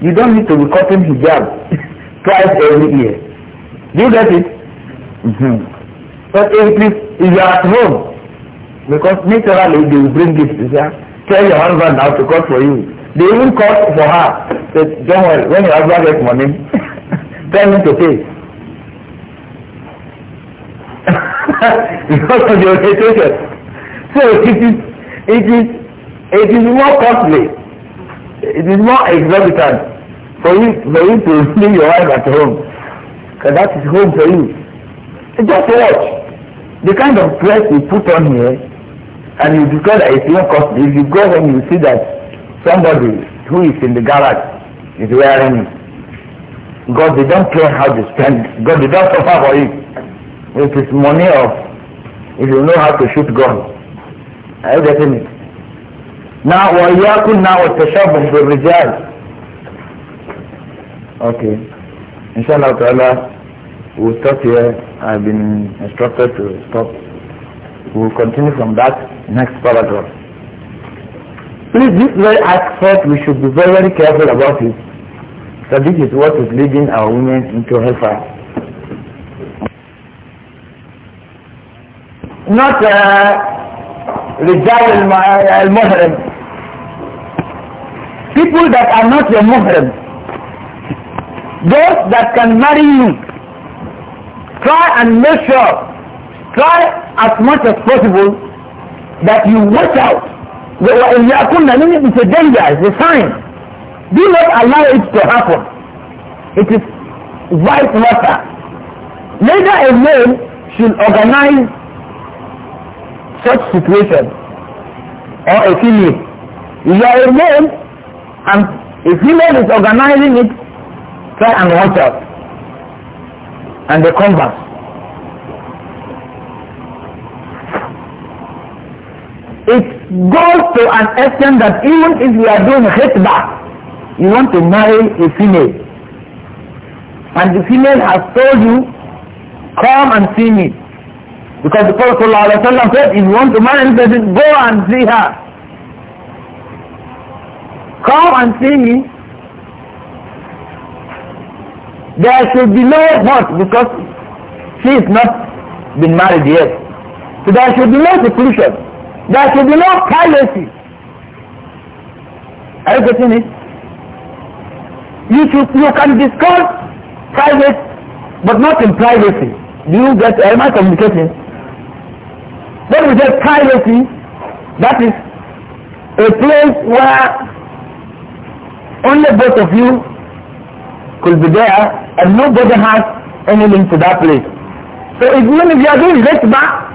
you don't need to be cutting hijab twice every year do you get it Mm-hmm. But if, if, if you are at home, because naturally they will bring gifts, you say, ah? tell your husband now to call for you. They even called for her. Said, don't worry, when your husband gets money, tell him to pay. because of your reputation. So it is, it is, it is more costly. It is more exorbitant for you, for you to leave your wife at home. Because that is home for you. Just watch the kind of dress he put on here, and you discover that it's even costly. If you go home, you see that somebody who is in the garage is wearing it. God, they don't care how they spend. God, they don't suffer for it. It is money of if you know how to shoot gun. Are you getting it? Now, وَإِيَّاكُمْ نَا وَالتَّشَبُّهُ بِالرِّجَالِ Okay. Inshallah, will stop here. I've been instructed to stop. We will continue from that next paragraph. Please, this very aspect we should be very, very careful about it. that this is what is leading our women into hellfire. Not رجال uh, muhrim people that are not your muhrim those that can marry you try and make sure, try as much as possible that you watch out. is a danger, it's a sign. Do not allow it to happen. It is vice versa. Neither a man should organize such situation or a female. You are a man and a female is organizing it, try and watch out and they come back. It goes to an extent that even if you are doing khitbah, you want to marry a female. And the female has told you, come and see me. Because the Prophet ﷺ said, if you want to marry anybody, go and see her. Come and see me There should be no what because she is not been married yet. So there should be no seclusion. There should be no privacy. Are you getting it? You should you can discuss private but not in privacy. Do you get am I communicating? When we get privacy, that is a place where only both of you could be there and nobody has any link to that place. So it if you are doing this back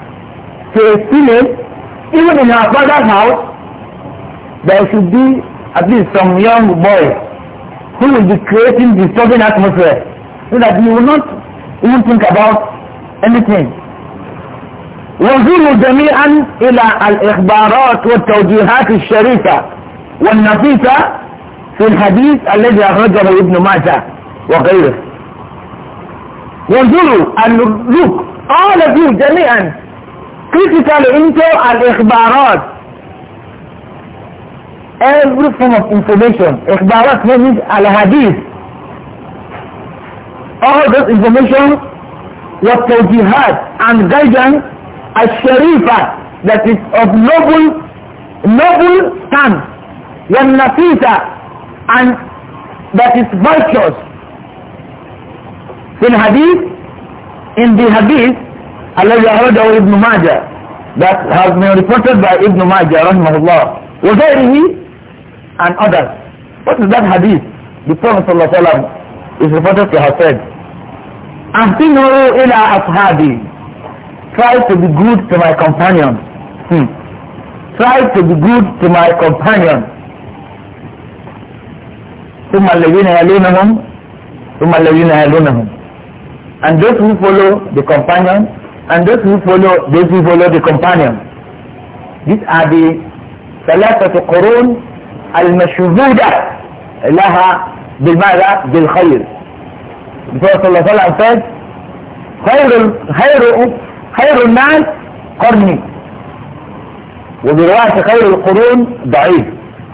to a female, even in her father's house, there should be at least some young boy who will be creating disturbing atmosphere so that you will not even think about anything. وانظروا جميعا الى الاخبارات والتوجيهات الشريفة والنفيسة في الحديث الذي اخرجه ابن ماجه وغيره ينظروا and look all of you جميعا critically into الإخبارات every form of information إخبارات means الحديث all this information والتوجيهات and guidance الشريفة that is of noble noble stand والنفيسة and that is virtuous في الحديث in the hadith الذي أخرجه ابن ماجه that has been reported by ابن ماجه رحمه الله وغيره and others what is that hadith the Prophet صلى الله عليه وسلم is reported to have said أحسنوا إلى أصحابي try to be good to my companion hmm. try to be good to my companion ثم الذين يلونهم ثم الذين يلونهم and those who follow the companion and those who follow those who follow the companion. These are the ثلاثة قرون المشهودة لها بالماذا بالخير. The Prophet صلى الله عليه وسلم said خير خير خير الناس قرني وبرواية خير القرون ضعيف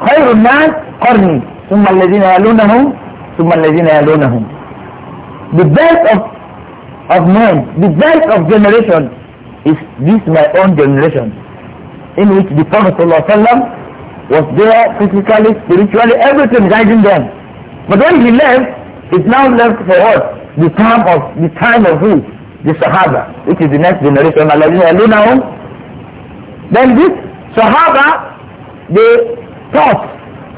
خير الناس قرني ثم الذين يلونهم ثم الذين يلونهم. The best of of men, the best of generation is this my own generation in which the Prophet ﷺ was there physically, spiritually, everything guiding them. But when he left, it now left for us the time of the time of who? The Sahaba, which is the next generation. Then this Sahaba, they taught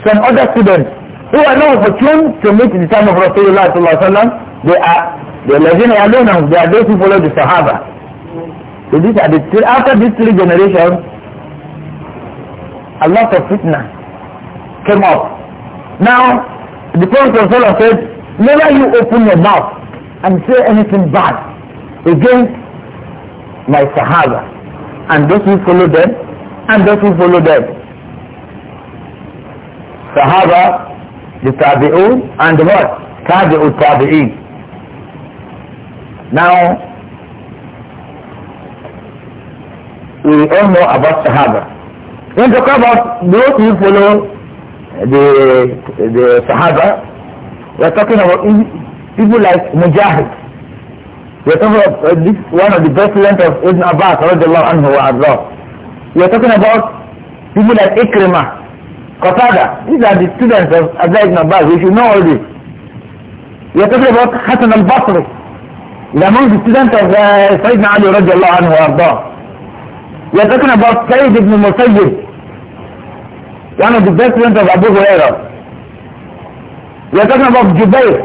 some other students who are not opportune to meet the time of Rasulullah ﷺ. They are the Lazina Yalunam, they are those who follow the Sahaba. So this, are the three, after these three generations, a lot of fitna came up. Now, the Prophet said, never you open your mouth and say anything bad against my Sahaba and those who follow them and those who follow them. Sahaba, the Tabi'un and what? Tabi'ut Tabi'in. Now, we all know about Sahaba. When talk about those who follow the, the Sahaba, we are talking about people like Mujahid. We are talking about uh, this, one of the best students of Ibn Abbas, anhu wa Allah. We are talking about people like Ikrimah, Qatada. These are the students of Abdullah ibn Abbas. We should know all this. We are talking about Hassan al-Basri. لما the student of uh, سيدنا علي رضي الله عنه وارضاه we are talking about Sayyid ibn Musayyib one of the best friends of are talking about Jubair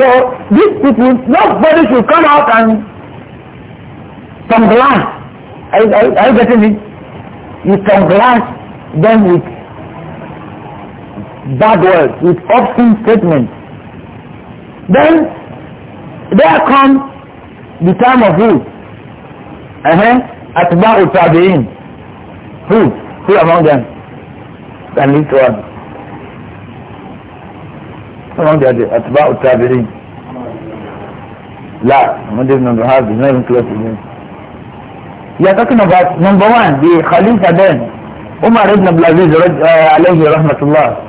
so these people nobody should come out and some glass are, are, are you getting it you can glass them with bad words with obscene statements then there come the time of who? Uh-huh. Atba Utabi'in. Who? Who among them? At least one. Among the Atba Utabi'in. La, Mudir number half is not even close to him. You are talking about number one, the Khalifa then, Umar ibn Abdul Aziz uh, alayhi rahmatullah.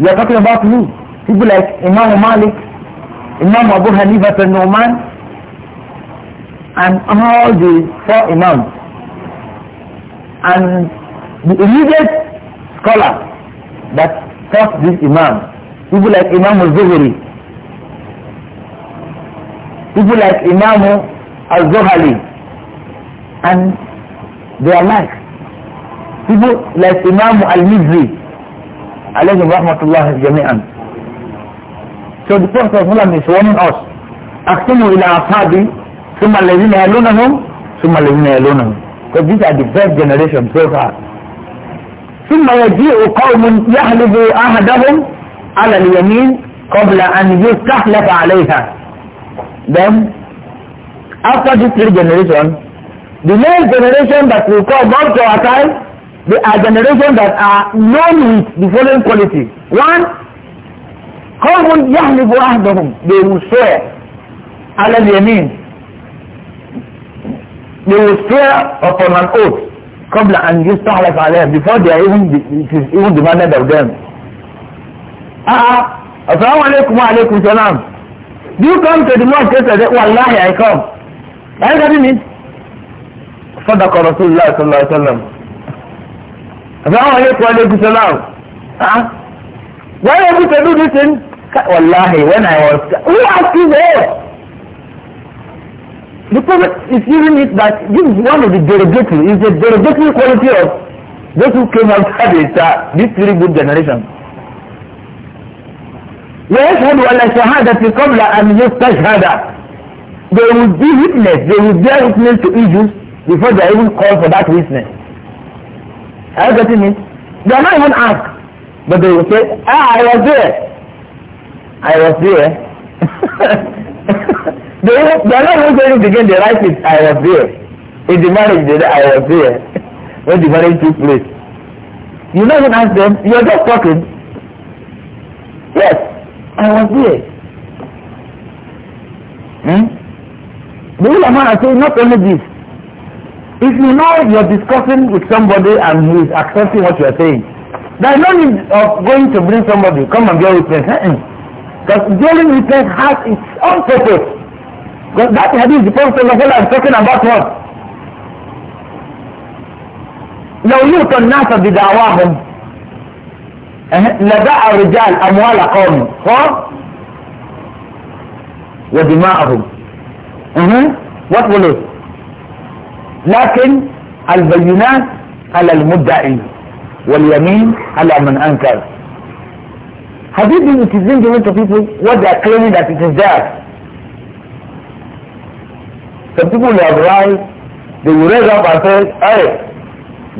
You are talking about who? People like Imam Malik, Imam Abu Hanifa al Norman and all the four Imams and the immediate scholar that taught this Imam people like Imam al-Zuhri people like Imam al-Zuhali and their like people like Imam al-Mizri alayhim rahmatullahi jami'an So the Prophet is warning us. Aktimu ila ashabi, summa lezina yalunahum, summa lezina yalunahum. Because these are the first generation so far. ثم يجيء قوم يحلب أحدهم على اليمين قبل أن يستحلف عليها. Then, after this three generation, the next generation that will call God to our time, they are generation that are known with the following qualities: One, قوم يحلف عهدهم they will swear على اليمين they will swear upon an oath قبل أن يستحلف عليهم before they even even demanded of them ah السلام عليكم وعليكم السلام do you come to the mosque yesterday wallahi I come are you getting it صدق رسول الله صلى الله عليه وسلم السلام عليكم وعليكم السلام ah, ah. Why are you do this in? Wallahi, when I was... Who asked you there? The Prophet is using it that this is one of the derogatory, is the derogatory quality of those who came out of it uh, this very good generation. Yes, ويشهد على شهادة قبل أن يستشهد they will be witness they will bear witness to issues before they even call for that witness are you getting it they are not even asked But they will say, ah, I was there. I was there. they, they are not even going to begin to write it, I was there. In the marriage, they, I was there. when the marriage took place. You know, even ask them, you are just talking. Yes, I was there. Hmm? The man are say, not only this. If you know you are discussing with somebody and he is accepting what you are saying, There's no need of going to bring somebody, to come and be a witness. Because bearing witness has its own purpose. Because that hadith, the Prophet is talking about what? لو يؤتى الناس بدعواهم لباع الرجال أموال قوم ودماءهم what will it لكن البينات على المدعي What do you mean? واليمين على an أنكر Have you been teasing given to people what they are claiming that it is theirs? Some people have lied, they will raise up and say, hey,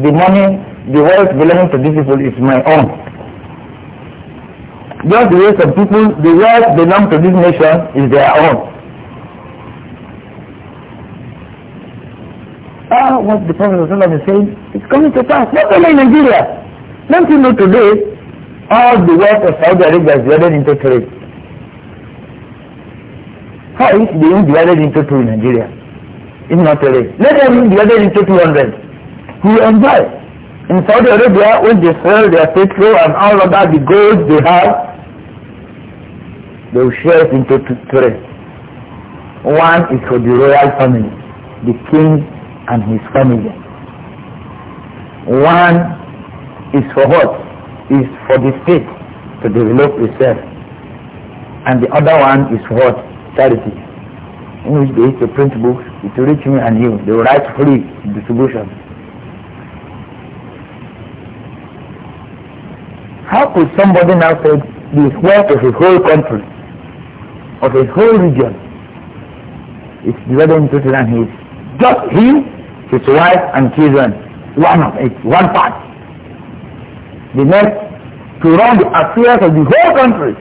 the money, the wealth belonging to these people is my own. Just the way some people, the wealth belong to this nation is their own. what, the Prophet is saying, it's coming to pass, not only in Nigeria. Don't you know today, all the wealth of Saudi Arabia is divided into three. How is the divided into two in Nigeria? It's not today. Let them be divided into 200. Who enjoy? In Saudi Arabia, when they sell their petrol and all of that, the gold they have, they will share it into three. One is for the royal family, the king and his family. One is for what? Is for the state to develop itself. And the other one is for what? Charity. In which they to print books, to reach me and you. They write free distribution. How could somebody now say the wealth of a whole country, of a whole region, is divided into two and he is just him it's wife and children. One of one part. The next, to run the affairs of the whole country.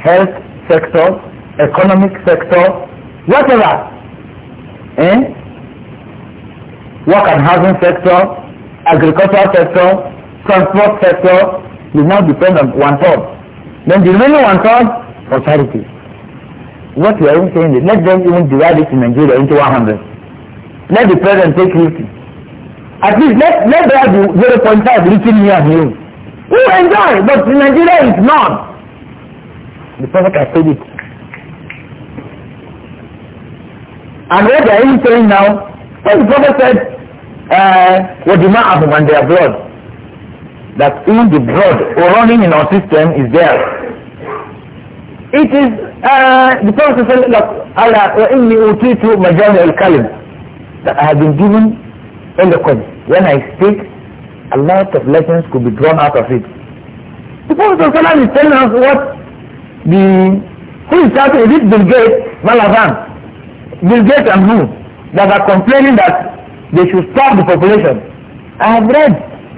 Health sector, economic sector, whatever. Eh? Work and housing sector, agricultural sector, transport sector will now depend on one third. Then the remaining one third for charity. What we are even saying is let them even divide it in Nigeria into 100. let the president take it. at least let let there be zero point five reaching me and you who enjoy but in nigeria it's not the prophet has said it and what they are even saying now when the prophet said "What wadima'ahum uh, and their blood that in the blood or running in our system is there it is uh, the prophet said look Allah wa inni utitu majami al-kalim that I have been given eloquence. When I speak, a lot of lessons could be drawn out of it. The Prophet is telling us what the who is that? Is it Bill Gates, Malavan, Bill Gates and who that are complaining that they should stop the population. I have read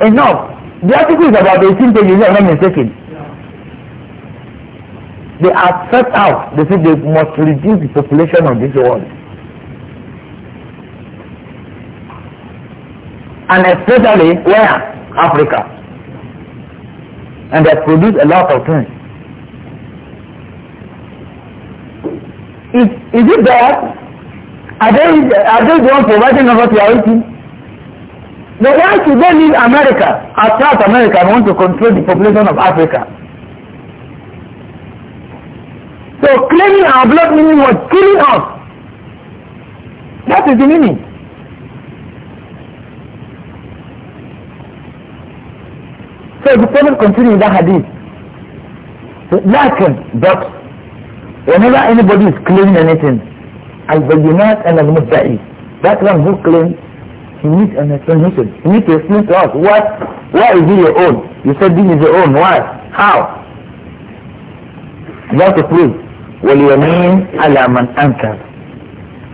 enough. The article is about 18 pages, if I'm not mistaken. They are set out. They say they must reduce the population of this world. and especially where? Africa. And they produce a lot of things. Is, is it that? Are they, are they the one providing what you are eating? But why should they leave America or South America and want to control the population of Africa? So claiming our blood meaning was killing us. That is the meaning. So the Prophet continues that hadith. So, لكن, but, whenever anybody is claiming anything, al-bayyinat and al-mudda'i, that one who claims, he needs an explanation. He needs to explain to us what, why is he your own? You said this is your own. Why? How? You have to prove. وَلْيَمِينَ عَلَى مَنْ أَنْكَرَ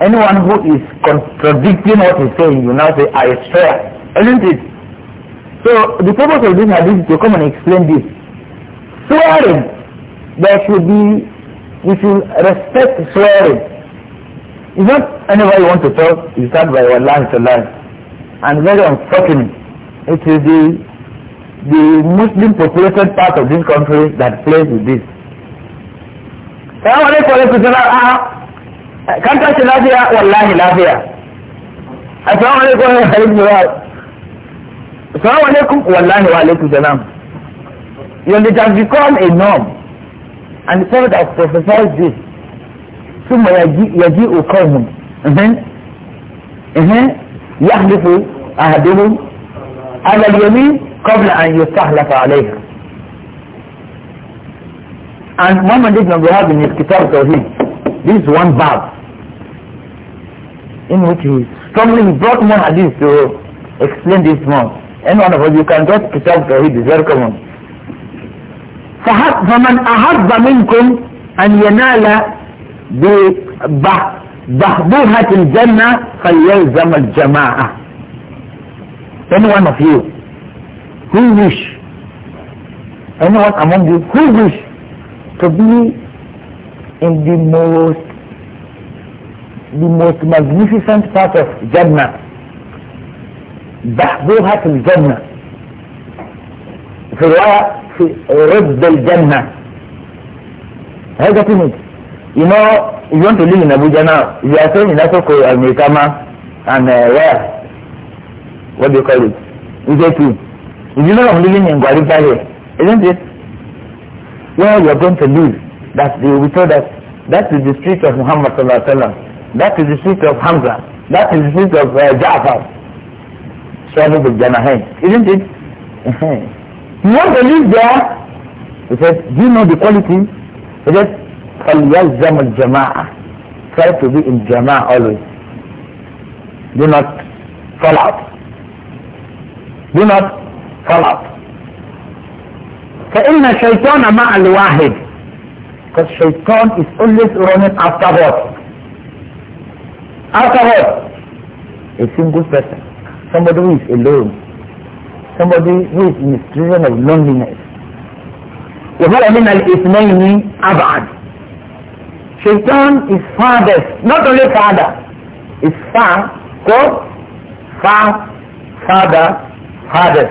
Anyone who is contradicting what he's saying, you now say, I swear. Isn't it? So the purpose of this hadith is to come and explain this. Swearing, there should be, we should respect swearing. It's not anybody you want to talk, you start by your Allah to Allah. And very unfortunate, it is the, the Muslim populated part of this country that plays with this. Salaam alaikum warahmatullahi wabarakatuh. Kanta shi lafiya, wallahi lafiya. Assalamu alaikum warahmatullahi wabarakatuh. Assalamu alaikum wallahi wa alaikum salam. You know, it has become a norm. And the Prophet has prophesied this. ثم يجيء قوم uh-huh. uh-huh. يحدث أحدهم على اليمين قبل أن يستحلف عليها. And Muhammad ibn have in his Kitab Tawheed, this one verse in which he strongly brought more hadith to explain this more. any one of us you can get kitab tawhid is very common فمن أحب منكم أن ينال بحبوهة الجنة فليلزم الجماعة any one of you who wish anyone among you who wish to be in the most the most magnificent part of Jannah بحبوها في الجنة في رواية في رد الجنة هذا كلمة you know if you want to live in Abuja now if you are staying in Asoko and Mekama and uh, where what do you call it Ijeki if you know I'm living in Gwaripa here isn't it where you are going to live that the we told us that is the street of Muhammad sallallahu alaihi wasallam that is the street of Hamza that is the street of uh, Ja'far travel with Jamahen, isn't it? you want to live there? He said, do you know the quality? He said, فَلْيَلْزَمُ الْجَمَاعَةِ Try to be in Jama'ah always. Do not fall out. Do not fall out. فإن الشيطان مع الواحد because shaitan is always running after what? After what? A single person. somebody who is alone, somebody who is in a prison of loneliness. وهو من الاثنين أبعد Shaitan is farthest, not only father, is far, go, far, father, father,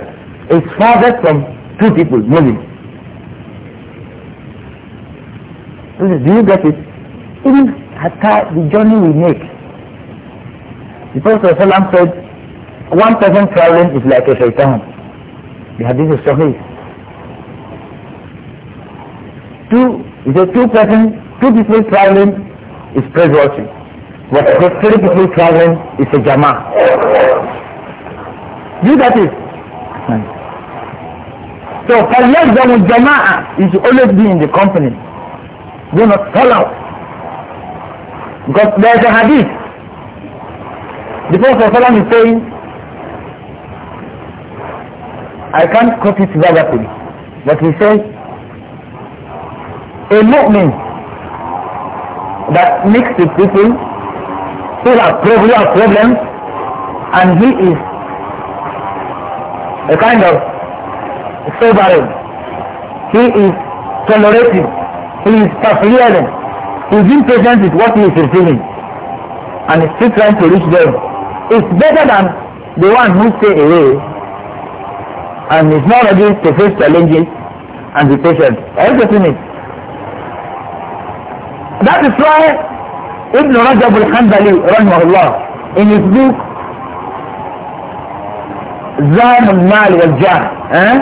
It's farthest from two people, really. Do you get it? Even after the journey we make. The Prophet said, one person traveling is like a shaitan. The hadith is sahih. Two, is a two person, two people traveling is praiseworthy. But the three people traveling is a jama. You that is. So for فَلْيَزَمُ jama'ah should always be in the company. Do not fall out. Because there is a hadith. The Prophet is saying, I can't quote it verbatim, but he says, a movement that makes the people feel a problem a problem, and he is a kind of sobering. He is tolerating. He is perseverant. He is impatient with what he is receiving and is still trying to reach them. It's better than the one who stay away and is not ready to face challenges and be patient. Are you getting it? That is why Ibn Rajab al-Hanbali rahimahullah in his book Zam al-Mal wal-Jah eh?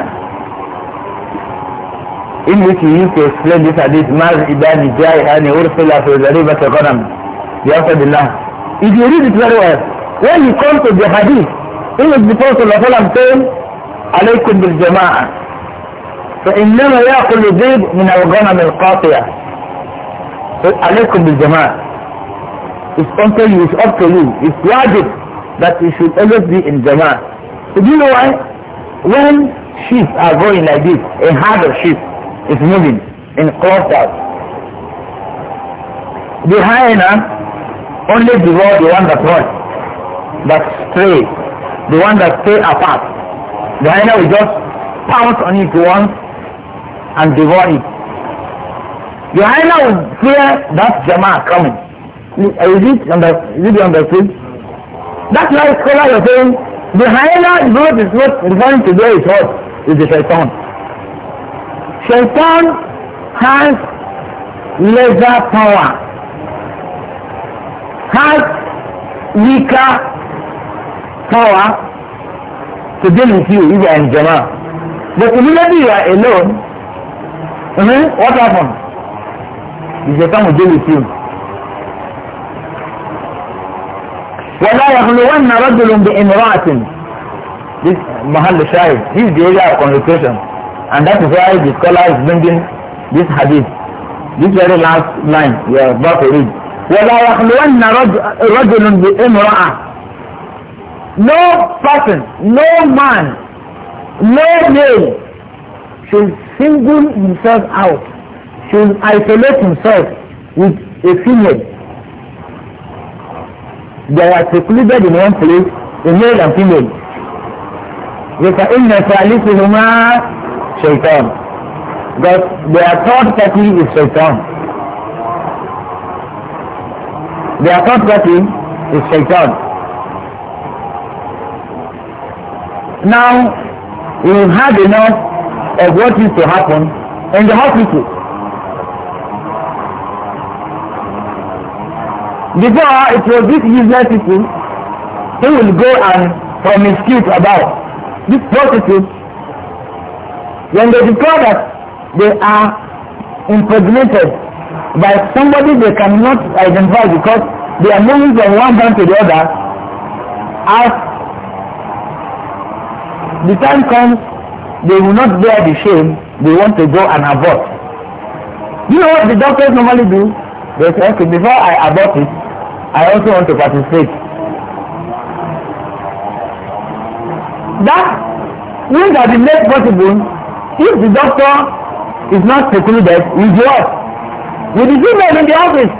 in which he used to explain this hadith Mal ibani jaihan ursila fi zaribati ghanam biasadillah if you read it very well when you come to the hadith in which the of sallallahu alaihi wasallam says عليكم بالجماعة فإنما يأكل الذئب من الغنم القاطية. عليكم بالجماعة It's up to you, it's up to you. It's wajib that you should always be in jama'ah. So do you know why? When sheep are going like this, a herd of sheep is moving in clusters. The hyena only devour the one that runs, that stray, the one that stay apart. The Diana will just pounce on it once and devour it. The Johanna will fear that Jama coming. Is it, under, is it understood? That's why scholar you're saying the Johanna is what is what referring to there is what is the shaitan. Shaitan has lesser power, has weaker power to deal with you if you are in Jama. But immediately you are alone, mm-hmm. what happens? The Shaitan will deal with you. ولا يخلون رجل بامرأة This Mahal Shahid, this is the area of concentration. And that is why the scholar is bringing this hadith. This very last line we are about to read. ولا يخلون رجل بامرأة No person, no man, no male should single himself out, should isolate himself with a female. They are secluded in one place, a male and female. فإن ثالثهما شيطان that their third party is shaitan their third party is shaitan Now, you had enough of what used to happen in the hospital. Before, it was this useless people who will go and promiscuous about this prostitute. When they declare that they are impregnated by somebody they cannot identify because they are moving from one band to the other, as the time comes they will not bear the shame they want to go and abort you know what the doctors normally do they say okay before i abort it i also want to participate that wouldn't have been made possible if the doctor is not secluded with what with the women in the office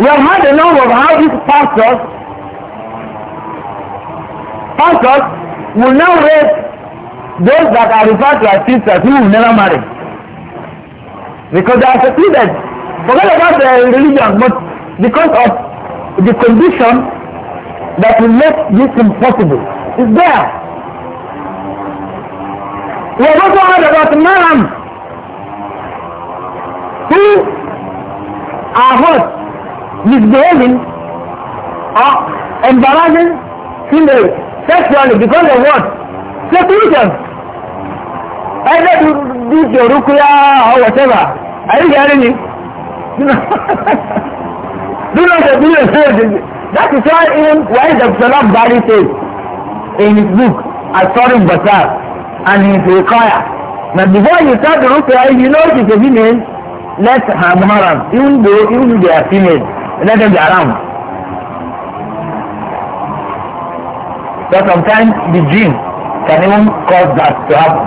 we have had a number of how these pastors sponsors will now raise those that are referred to as sisters who will never marry. Because they are secluded. Forget about their religion, but because of the condition that will make this impossible. is there. We have also heard about Maram who are hurt, misbehaving, or embarrassing females sexually because of what? seclusion either do, do your or whatever are you hearing me? do not do not abuse yourself that is why even why the salam bari says in his book "Assuring sarim and his require na before you start the rukuya you know it is a female let her haram even though even if they are female let them be around But sometimes the dream can even cause that to happen.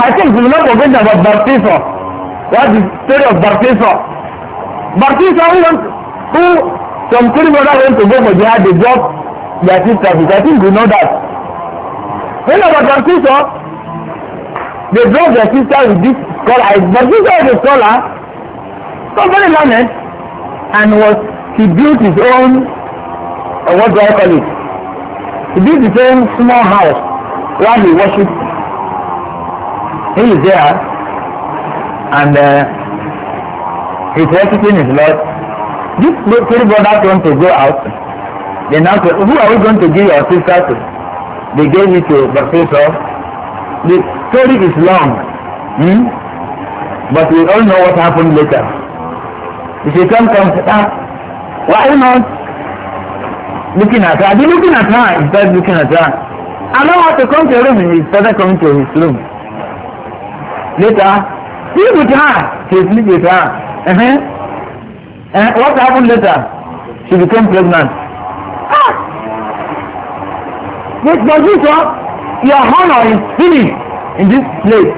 I think we will not forget about baptism. What is the story of baptism? Baptism who some three brothers went to go for jihad, they dropped their sister. I think we know that. When about baptism, they brought their sister with this scholar. Baptism is a scholar, very learned, and was he built his own, uh, what do I call it? He built the same small house where he worship. He is there and uh, he's worshiping his Lord. This three brothers want to go out. They now say, who are we going to give our sister to? They gave it to Baptista. The story is long. Hmm? But we all know what happened later. The Satan comes, ah, why not? looking at her. I've been looking at her instead of looking at her. I know how to come to her room and he started coming to his room. Later, sleep with her. She sleep with her. Uh-huh. Uh -huh. And what happened later? She became pregnant. Ah! But, but this one, your honor is finished in this place.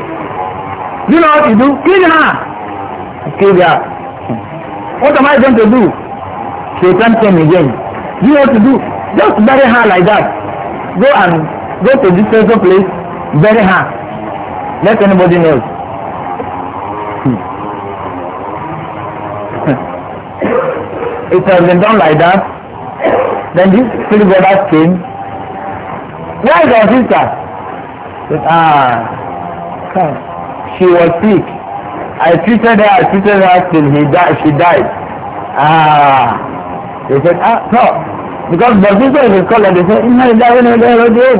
You know what you do? Kill her. Kill her. What am I going to do? She can't come again you know what to do? Just bury her like that. Go and go to this special place, bury her. Let anybody know. Hmm. it has been done like that. Then this three brothers came. Where is our sister? Said, ah, She was sick. I treated her, I treated her till he died, she died. Ah. They said, ah, no. Because Bautista is his They said, إِنَّا إِلَّهِ وَإِنَّا إِلَيْهِ رَجِعُونَ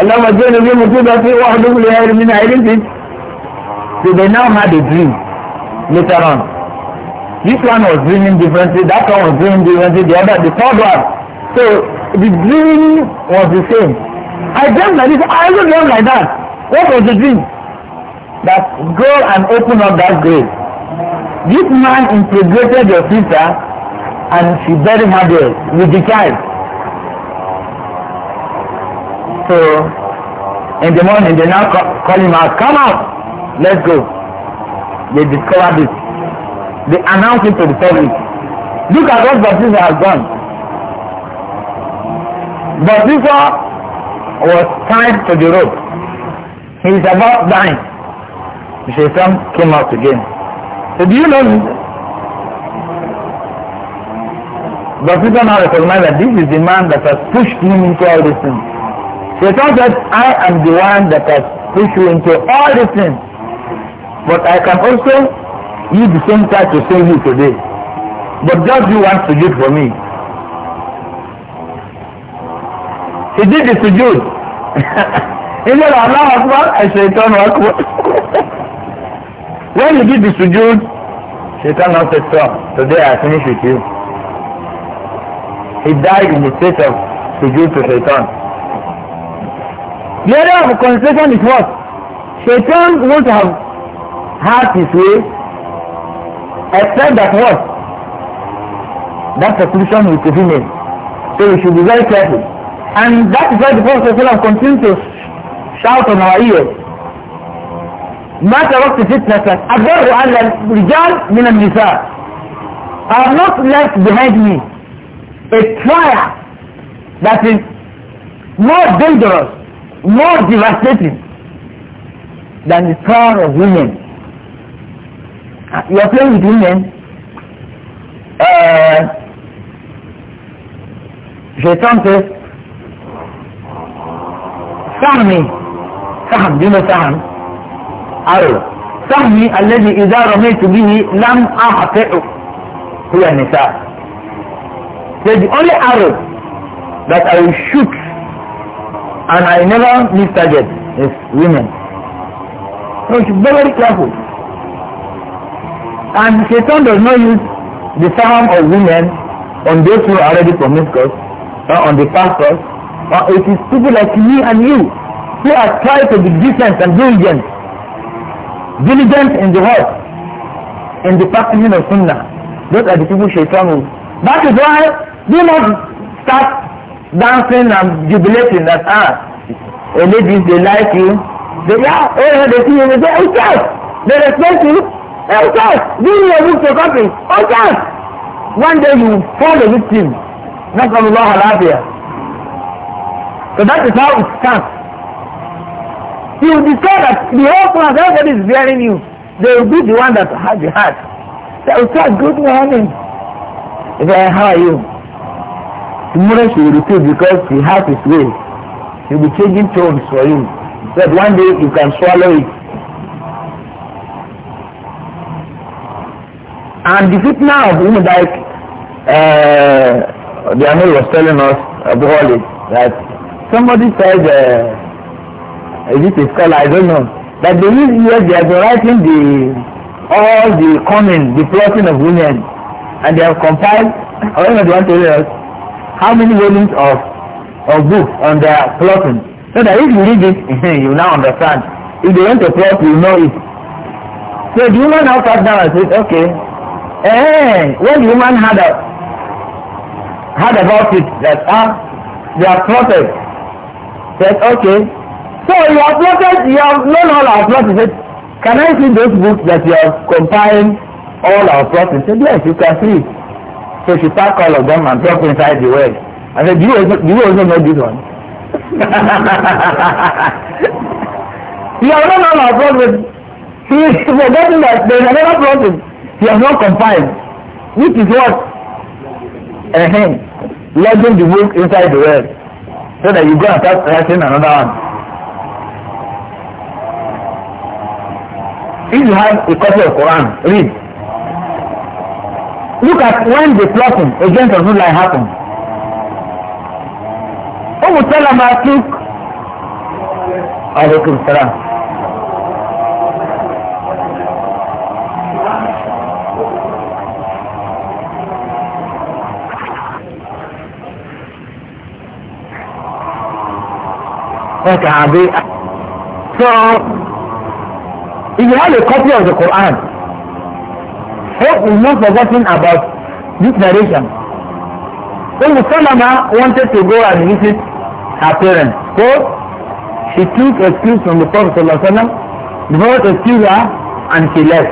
اللهم جئنا بي مصيبتي واحلف لي خير من عيلتي. So they now had a dream later on. This one was dreaming differently, that one was dreaming differently, the other, the third one. So the dream was the same. I dream like this, I also dream like that. What was the dream? That go and open up that grave. This man integrated your sister and she buried her there with the child. So in the morning they now call him out, come out, let's go. They discovered it. They announced it to the public. Look at what Baptista has done. Baptista was tied to the rope. He is about dying. The Shaitan came out again. So do you know But we don't recognize that this is the man that has pushed him into all these things. Satan said, I am the one that has pushed you into all these things. But I can also use the same time to save you today. But God, just do one sujood for me. He did the sujood. he said, Allah Akbar, I Shaitan Akbar. when he did the sujood, Shaitan now said, so, today I finish with you he died in the state of sujood to shaitan. The area of concentration is what? Shaitan won't have had his way except that what? That seclusion with the female. So we should be very careful. And that is why the Prophet continue to shout on our ears. ما تركت فتنة أبر على الرجال من النساء. I have not left behind me a trial that is more dangerous, more devastating than the trial of women. Ah, you are playing with women. Uh, eh, Shaitan says, Sahmi, Sahm, do you know Sahm? Arrow. Sahmi, الذي إذا رميت به لم أعطئه. هي النساء. Said the only arrow that I will shoot and I never miss target is women. So be very careful. And Satan does not use the farm of women on those who are already promiscuous or on the pastors or it is people like me and you who are trying to be decent and diligent diligent in the work in the practicing of sunnah those are the people shaitan will that is why do not start dancing and jubilating that ah the ladies dey like you they ah oh yeah they see you they say oh yes." they respect you oh yes. Do me your book to copy oh yes. one day you fall a victim that's why we love halafia so that is how it starts you discover that the whole class everybody is bearing you they will be the one that has the heart say oh chas good morning he say how are you. Tomorrow she will refuse because he has his way. He will be changing tones for you. That one day you can swallow it. And the fitna of women, like uh, the Amir was telling us about it, that somebody said, uh, is it a scholar? I don't know. That they use years they have been writing the all the coming, the plotting of women, and they have compiled. I don't know if they want to hear us how many volumes of of books on their plotting so that if you read it you now understand if they want to plot you know it so the woman now sat down and said okay eh when the woman had a, heard about it that ah they are plotted said okay so you are plotted you have known all our plotting. said can I see those books that you have compiled all our plotting?" said yes you can see it So she packed all of them and dropped inside the well. I said, do you also, do you also know this one? He has not on our problem. He is forgetting that there is another problem. He has not confined, Which is what? Uh-huh. Lodging the book inside the well. So that you go and start writing another one. If you have a copy of Quran, read look at when the plotting against Rasulullah happened. Umu Salama took alaykum salam. Okay, so if you have a copy of the Quran, hope is not forgotten about this narration. Umm Salama wanted to go and visit her parents. So she took excuse from the Prophet the Prophet excused her and she left.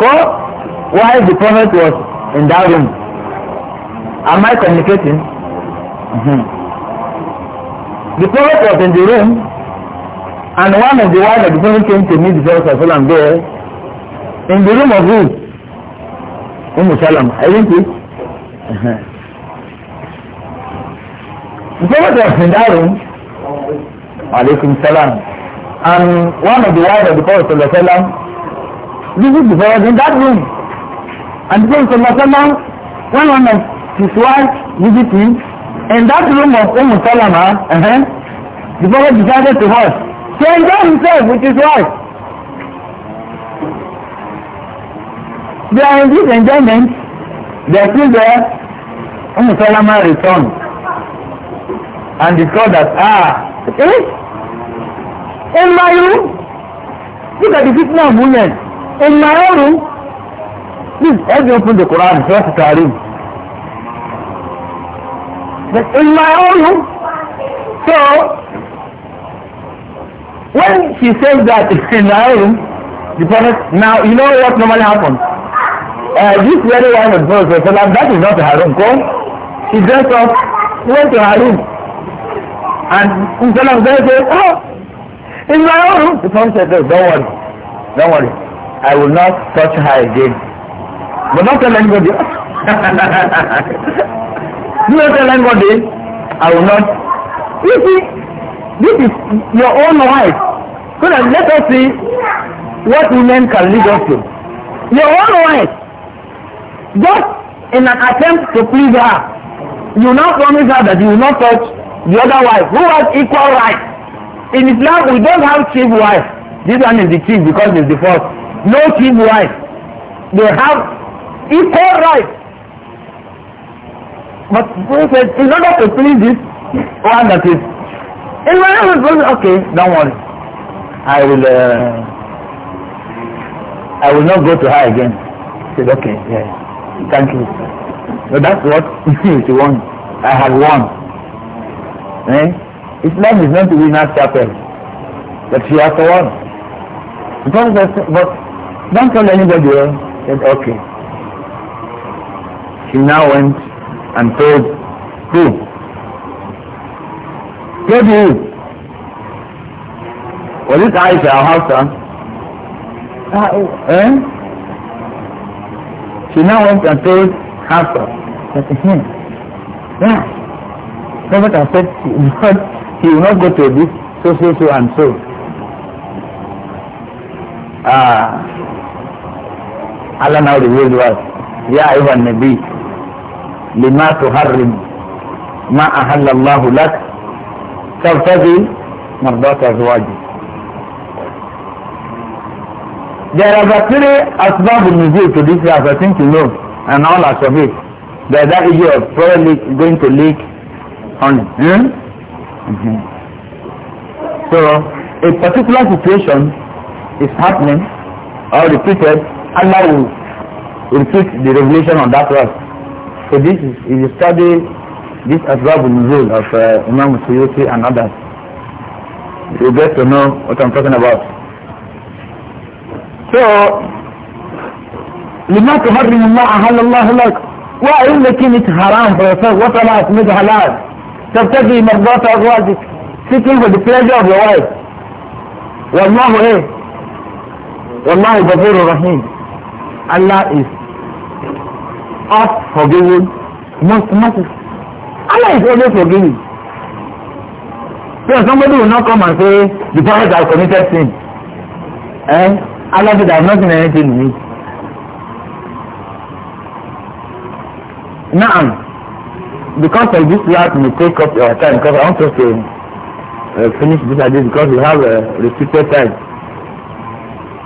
So while the Prophet was in that room, am I communicating? Mm -hmm. The Prophet was in the room and one of the wives of the Prophet came to meet the Prophet there in the room of who umu salama isn't it the prophet was in that room alaykum salam and one of the wives of the prophet sallallahu alaihi wasallam visited the prophet in that room and the prophet sallallahu alaihi wasallam when one of his wife visited him in that room of umu salama uh -huh, the prophet decided to her to enjoy himself with his wife They are in this enjoyment. They are still there. Umm Solomon returned and discovered that, ah, eh? In my room? Look at the fitna of women. In my own room? Please, help me open the Quran, first Tarim. But in my own room? So, when she says that it's in my own room, the prophet, now you know what normally happens? Uh, this very one of Prophet uh, Sallam, that is not Haram Go. He dressed up, went to Haram, And Sallam then said, oh, in my own room. The son said, don't worry, don't worry. I will not touch her again. But not tell anybody. Do not tell anybody. I will not. You see, this is your own wife. So that let us see what women can lead us to. Your own wife. Just in an attempt to please her, you now promise her that you will not touch the other wife who has equal rights. In Islam, we don't have chief wife. This one is the chief because it's the first. No chief wife. They have equal rights. But Paul says, in order to please this one that is, in my own okay, don't worry. I will, uh, I will not go to her again. He said, okay, yeah. Thank you. So that's what she won. I have won. Eh? Islam is not to win at chapel. But she has won. Because but don't tell anybody else. Eh? Said, okay. She now went and told who? Told you. Was it Aisha or Uh, eh? She now went and told Hafsa that him. Yeah. Prophet has said not, he will not go to this so so so and so. Ah Allah now revealed to us يا أيها النبي لما تحرم ما أحل الله لك تبتغي مرضات There are the three asbab nuzul to this verse, I think you know, and all are of it. There that issue of prayer leak, going to leak honey. Hmm? Mm -hmm. So, a particular situation is happening or repeated, Allah will repeat the revelation on that verse. So this is, if you study this asbab nuzul of uh, Imam Suyuti and others, you get to know what I'm talking about so lima tuharrimu ma Allah. lak wa in lakin it haram for yourself what Allah has made halal tabtagi mardata azwajik seeking for the pleasure of your wife wallahu eh wallahu ghafurur rahim Allah is oft forgiving most merciful Allah is always forgiving so somebody will not come and say the prophet has committed sin eh alábìdá ọ̀nàdì náà ti lù mí. Now, because of this last we take up your time because I want us to uh, finish this idea because we have a restricted time.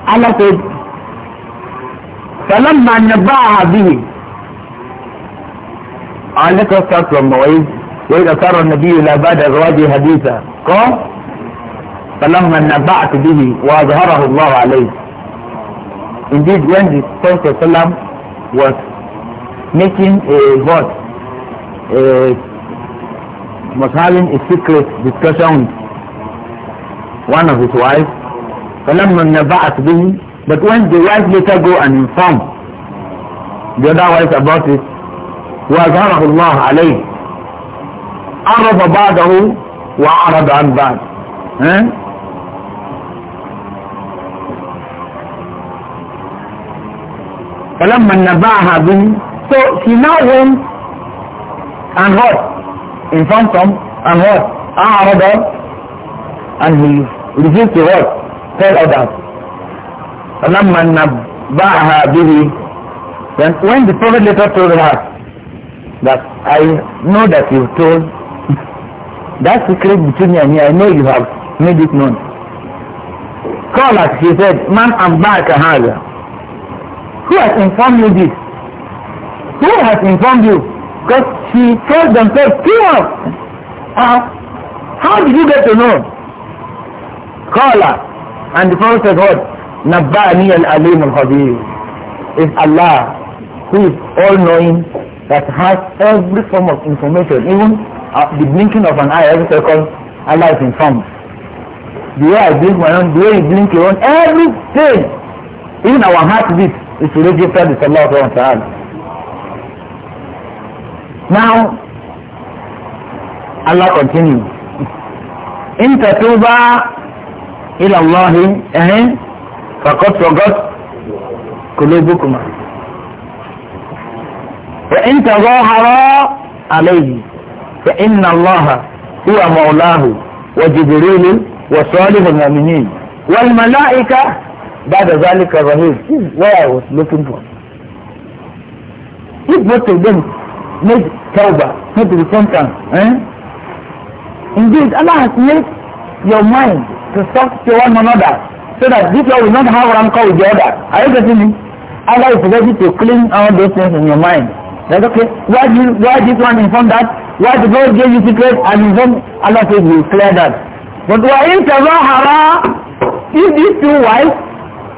Allah said, فَلَمَّا نَبَّعَهَا بِهِ and let us start from Moise. وإذا صار النبي لا بعد أزواجه حديثا قال فلما نبعت به وأظهره الله عليه Indeed, when the Prophet was making a what, a, was having a secret discussion with one of his wives, but when the wife later go and inform the other wife about it, وأظهره الله عليه عرف بعضه وعرض عن بعض Falamma Nabaha bin. So she now went and what? Informed them and what? A'arada and he refused to what? Tell others. Falamma Nabaha bihi. Then when the Prophet later told her that I know that you told that secret between me and you, I know you have made it known. Call us, she said, man back haga who has informed you this? Who has informed you? Because she told themselves, kill her. Uh, ah, how did you get to know? Call her. And the Prophet said what? Nabbani al-alim al Khadir Is Allah who is all-knowing that has every form of information, even uh, the blinking of an eye, every second, Allah is informed. The way I blink my own, the way you blink your own, everything, even our heartbeat, السلوكي الثاني صلى الله عليه وسلم now Allah continue إن تتوبى إلى الله فقد فقد قلوبكما وإن تظاهرا عليه فإن الله هو مولاه وجبريل وصالح المؤمنين والملائكة بعد ذلك الرهيب is what I was looking for if most of them made tawbah made repentance eh? indeed Allah has made your mind to talk to one another so that this one will not have rancor with the other are you getting me Allah is ready to clean all those things in your mind that's okay why, did why this one inform that why did God give you secret and inform Allah says you clear that but why in Tazahara if these two wives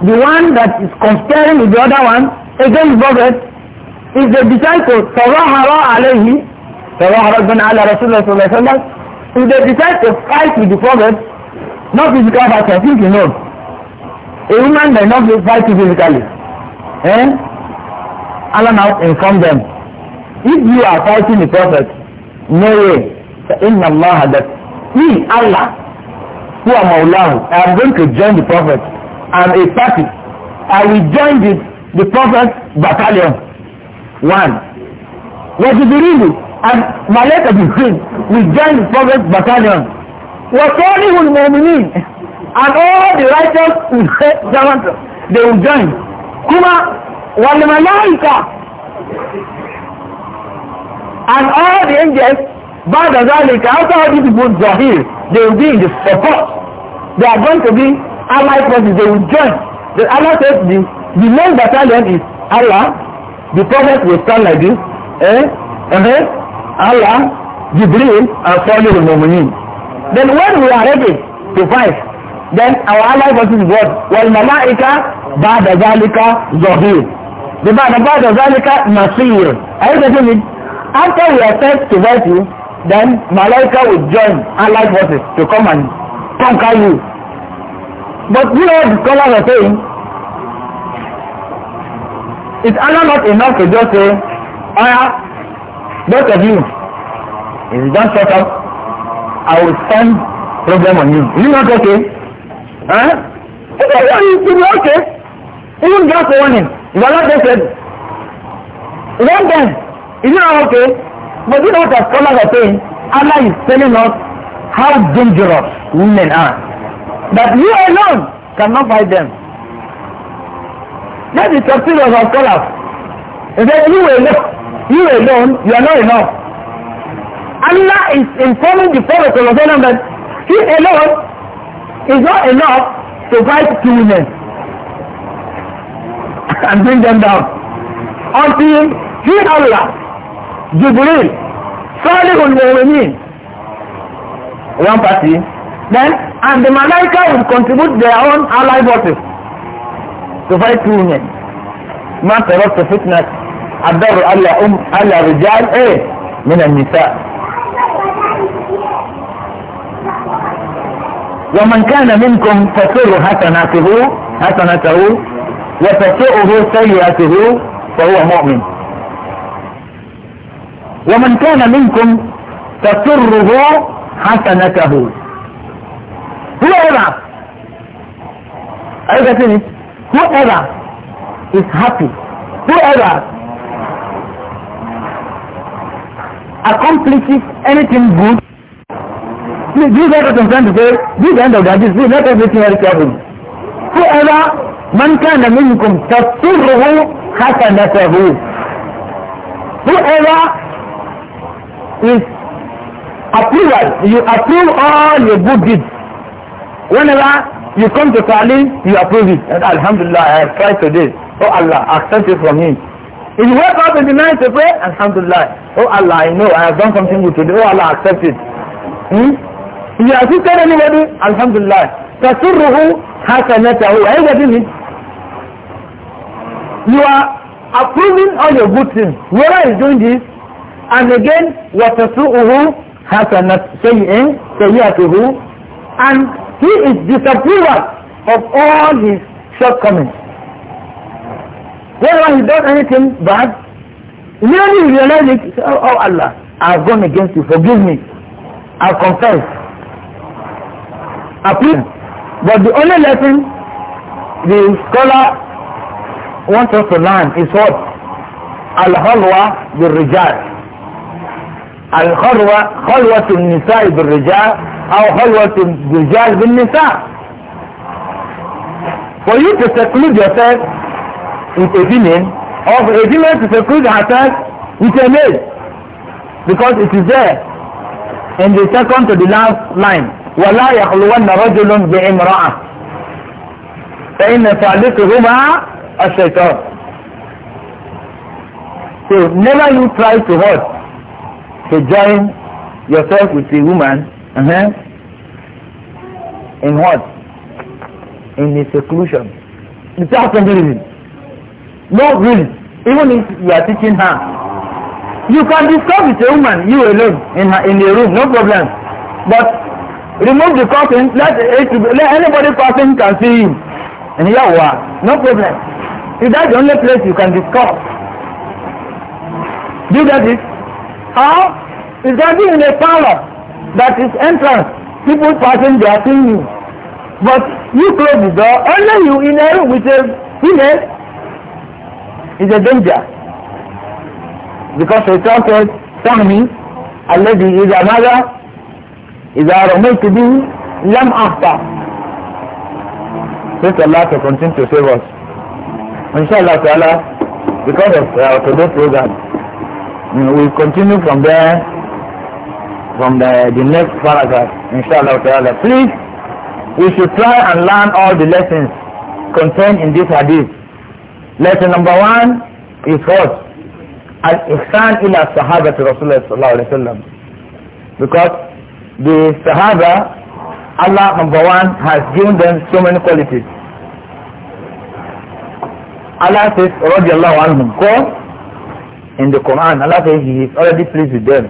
the one that is comparing with the other one against Prophet is the disciple Tawahara alayhi Tawahara bin ala Rasulullah sallallahu alayhi wa sallam if they decide to fight with the Prophet not physical but I think you know a woman may not be fight physically eh Allah now inform them if you are fighting the Prophet no way Inna الله that he Allah who are Maulahu I am going to join the Prophet am a party. I will join the, the prophet's battalion. One. What is the and my letter of Ukraine We join the prophet's battalion. وَصَالِهُ الْمُؤْمِنِينَ And all the righteous servants, they will join. Kuma وَالْمَلَائِكَةِ And all the angels, بعد ذلك, after all these people are here, they will be in the support. They are going to be allied forces they will join the allah says the the main battalion is allah the prophet will stand like this eh uh -huh. allah jibril and follow the muminin then when we are ready to fight then our allied forces is what well malaika ba'da zalika zahir the ba'da ba'da zalika nasir are you getting it after we are sent to fight you then malaika will join allied forces to come and conquer you But you know the scholars are saying, is Allah not enough to just say, oh, Aya, both of you, if you don't shut up, I will send problem on you. Is it not okay? Huh? Okay, yeah, it will be okay. Even just warning. If Allah just said, then then, is it not okay? But you know what the scholars are saying? Allah is telling us how dangerous women are. But you alone cannot fight them. That is the spirit of our scholars. He said, you alone, you alone, you are not enough. Allah is informing the Prophet that he alone is not enough to fight two women and bring them down until he Allah, Jibreel, Salih al-Mu'mineen, one party, Then, and the Malaika will contribute their own allied forces to fight union. ما تركت فتنة الضر على أم على رجال إيه من النساء ومن كان منكم تسر حسناته حسنته وتسئه سيئته فهو مؤمن ومن كان منكم تسره حسنته whoever, are you getting it? Whoever is happy, whoever accomplishes anything good, please, this is what I'm trying to say, this the end of the hadith, not everything else happens. Whoever, man kana minkum tasirruhu hasanatahu. Whoever is approval, you approve all your good deeds whenever you come to Salim, you approve it. And Alhamdulillah, I have tried today. Oh Allah, accept it from him. If you wake up in the night to pray, Alhamdulillah. Oh Allah, I know I have done something good today. Oh Allah, accept it. Hmm? If you assisted anybody, Alhamdulillah. تسره حسنته أي جديد You are approving all your good things. Whoever is doing this, and again, وتسره حسنة سيئة سيئته and He is disapproval of all his shortcomings. Whenever he does anything bad, immediately he realizes, oh, oh Allah, I have gone against you, forgive me. I confess. I plead. But the only lesson the scholar wants us to learn is what? Al-Halwa bil-Rijal. Al-Halwa, Halwa bil-Nisa'i bil-Rijal أو حلوة الرجال بالنساء For you to seclude yourself with a female or for a female to seclude herself with a male because it is there in the second to the last line ولا يخلون رجل بامرأة فإن فعلتهما الشيطان So never you try to hurt to join yourself with a woman Uh -huh. In what? In the seclusion. Without any reason. No reason. Even if you are teaching her. You can discuss with a woman, you alone, in her, in the room, no problem. But remove the curtain, let, it, let anybody passing can see you. And here you are, no problem. If that's the only place you can discuss? Do that It how? Is that in a parlor? that is entrance people passing they are seeing you but you close the door only you in a room with a female is a danger because they talk to Sami is إذا ماذا إذا رميت به لم أخطأ Pray to Allah to continue to save us. Inshallah ta'ala, because of uh, today's program, you know, we continue from there from the, the next paragraph, inshallah ta'ala. Please, we should try and learn all the lessons contained in this hadith. Lesson number one is what? Al-Ihsan ila Sahaba to Rasulullah sallallahu Because the Sahaba, Allah number one has given them so many qualities. Allah says, radiallahu anhum, in the Quran, Allah says He is already pleased with them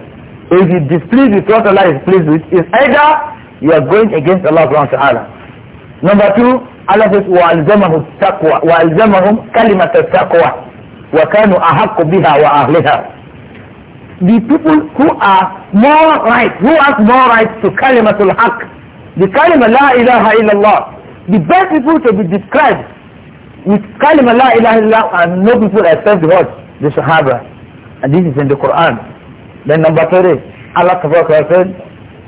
if you displease with what Allah is pleased with, is either you are going against Allah subhanahu wa ta'ala. Number two, Allah says, وَأَلْزَمَهُ التَّقْوَى وَأَلْزَمَهُمْ كَلِمَةَ التَّقْوَى وَكَانُوا أَحَقُّ بِهَا وَأَهْلِهَا The people who are more right, who have more right to kalimatul haq, the kalima la ilaha illallah, the best people to be described with kalima la ilaha illallah and no people except the word, The Sahaba. And this is in the Quran. لأن بطري الله تبارك وتعالى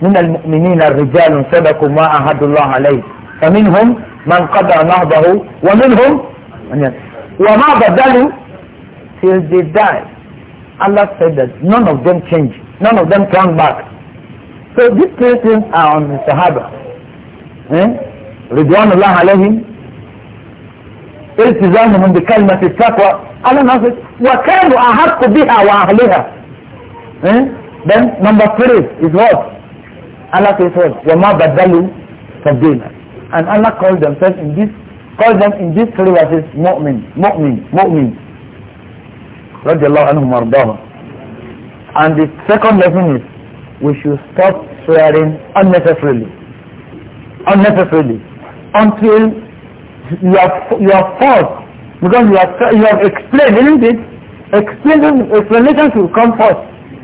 من المؤمنين الرجال سبقوا ما أهد الله عليه فمنهم من قضى نهضه ومنهم وما بدلوا till they die Allah said that none of them change none of them turn back so these persons are on the sahaba رضوان الله عليهم التزامهم بكلمة التقوى الله نفسه وكانوا أحق بها وأهلها Eh? Then number three is what? Allah says what? Yama Badalu تَبْدِيلًا And Allah calls themselves in this, calls them in these three verses mu'min, mu'min, mu'min. And the second lesson is we should stop swearing unnecessarily. Unnecessarily. Until you are, you are forced. Because you, are, you have explained, isn't it? Explain, explanation should come first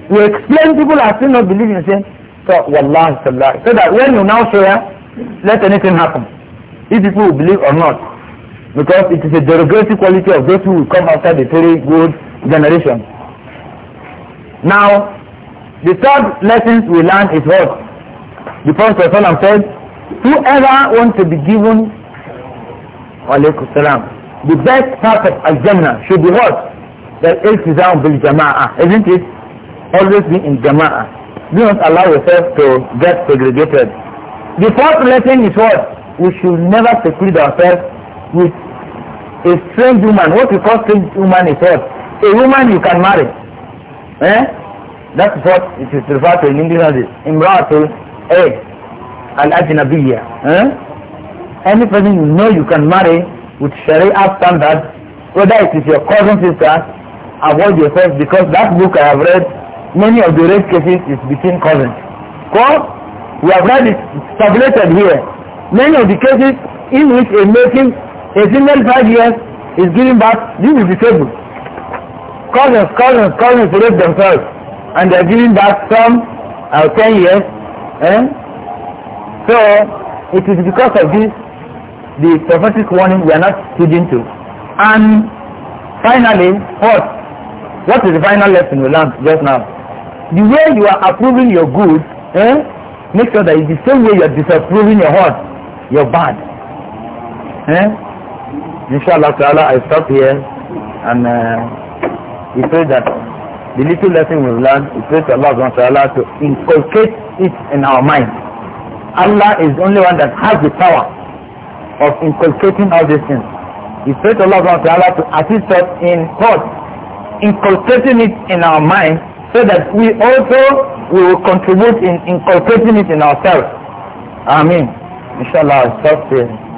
we explain people are still not believing same. so wallahi sallallahu so that when you now share ah, let anything happen if people will believe or not because it is a derogatory quality of those who will come after the very good generation now the third lesson we learn is what the prophet said whoever wants to be given alaykum the best part of al-jannah should be what that iltizam bil jama'ah isn't it always be in jama'ah. Do not allow yourself to get segregated. The fourth lesson is what? We should never seclude ourselves with a strange woman. What we call strange woman is what? A woman you can marry. Eh? That's what it is referred to in English as Imratul A. Al-Ajnabiyya. Eh? Any person you know you can marry with Sharia standards, whether it is your cousin sister, avoid yourself because that book I have read many of the rape cases is between cousins. Because we have had it tabulated here. Many of the cases in which a making a female five years is giving back. this is disabled. Cousins, cousins, cousins rape themselves and they are giving back some uh, ten years. Eh? So it is because of this the prophetic warning we are not heeding to. And finally, what? What is the final lesson we learned just now? the way you are approving your good eh, make sure that it's the same way you are disapproving your what your bad eh? inshallah ta'ala i stop here and uh, we pray that the little lesson we've learned we pray to allah ta'ala to inculcate it in our mind allah is the only one that has the power of inculcating all these things we pray to allah ta'ala to assist us in thought inculcating it in our mind so that we also we will contribute in incorporating it in ourselves. Amen. Inshallah, I'll stop here.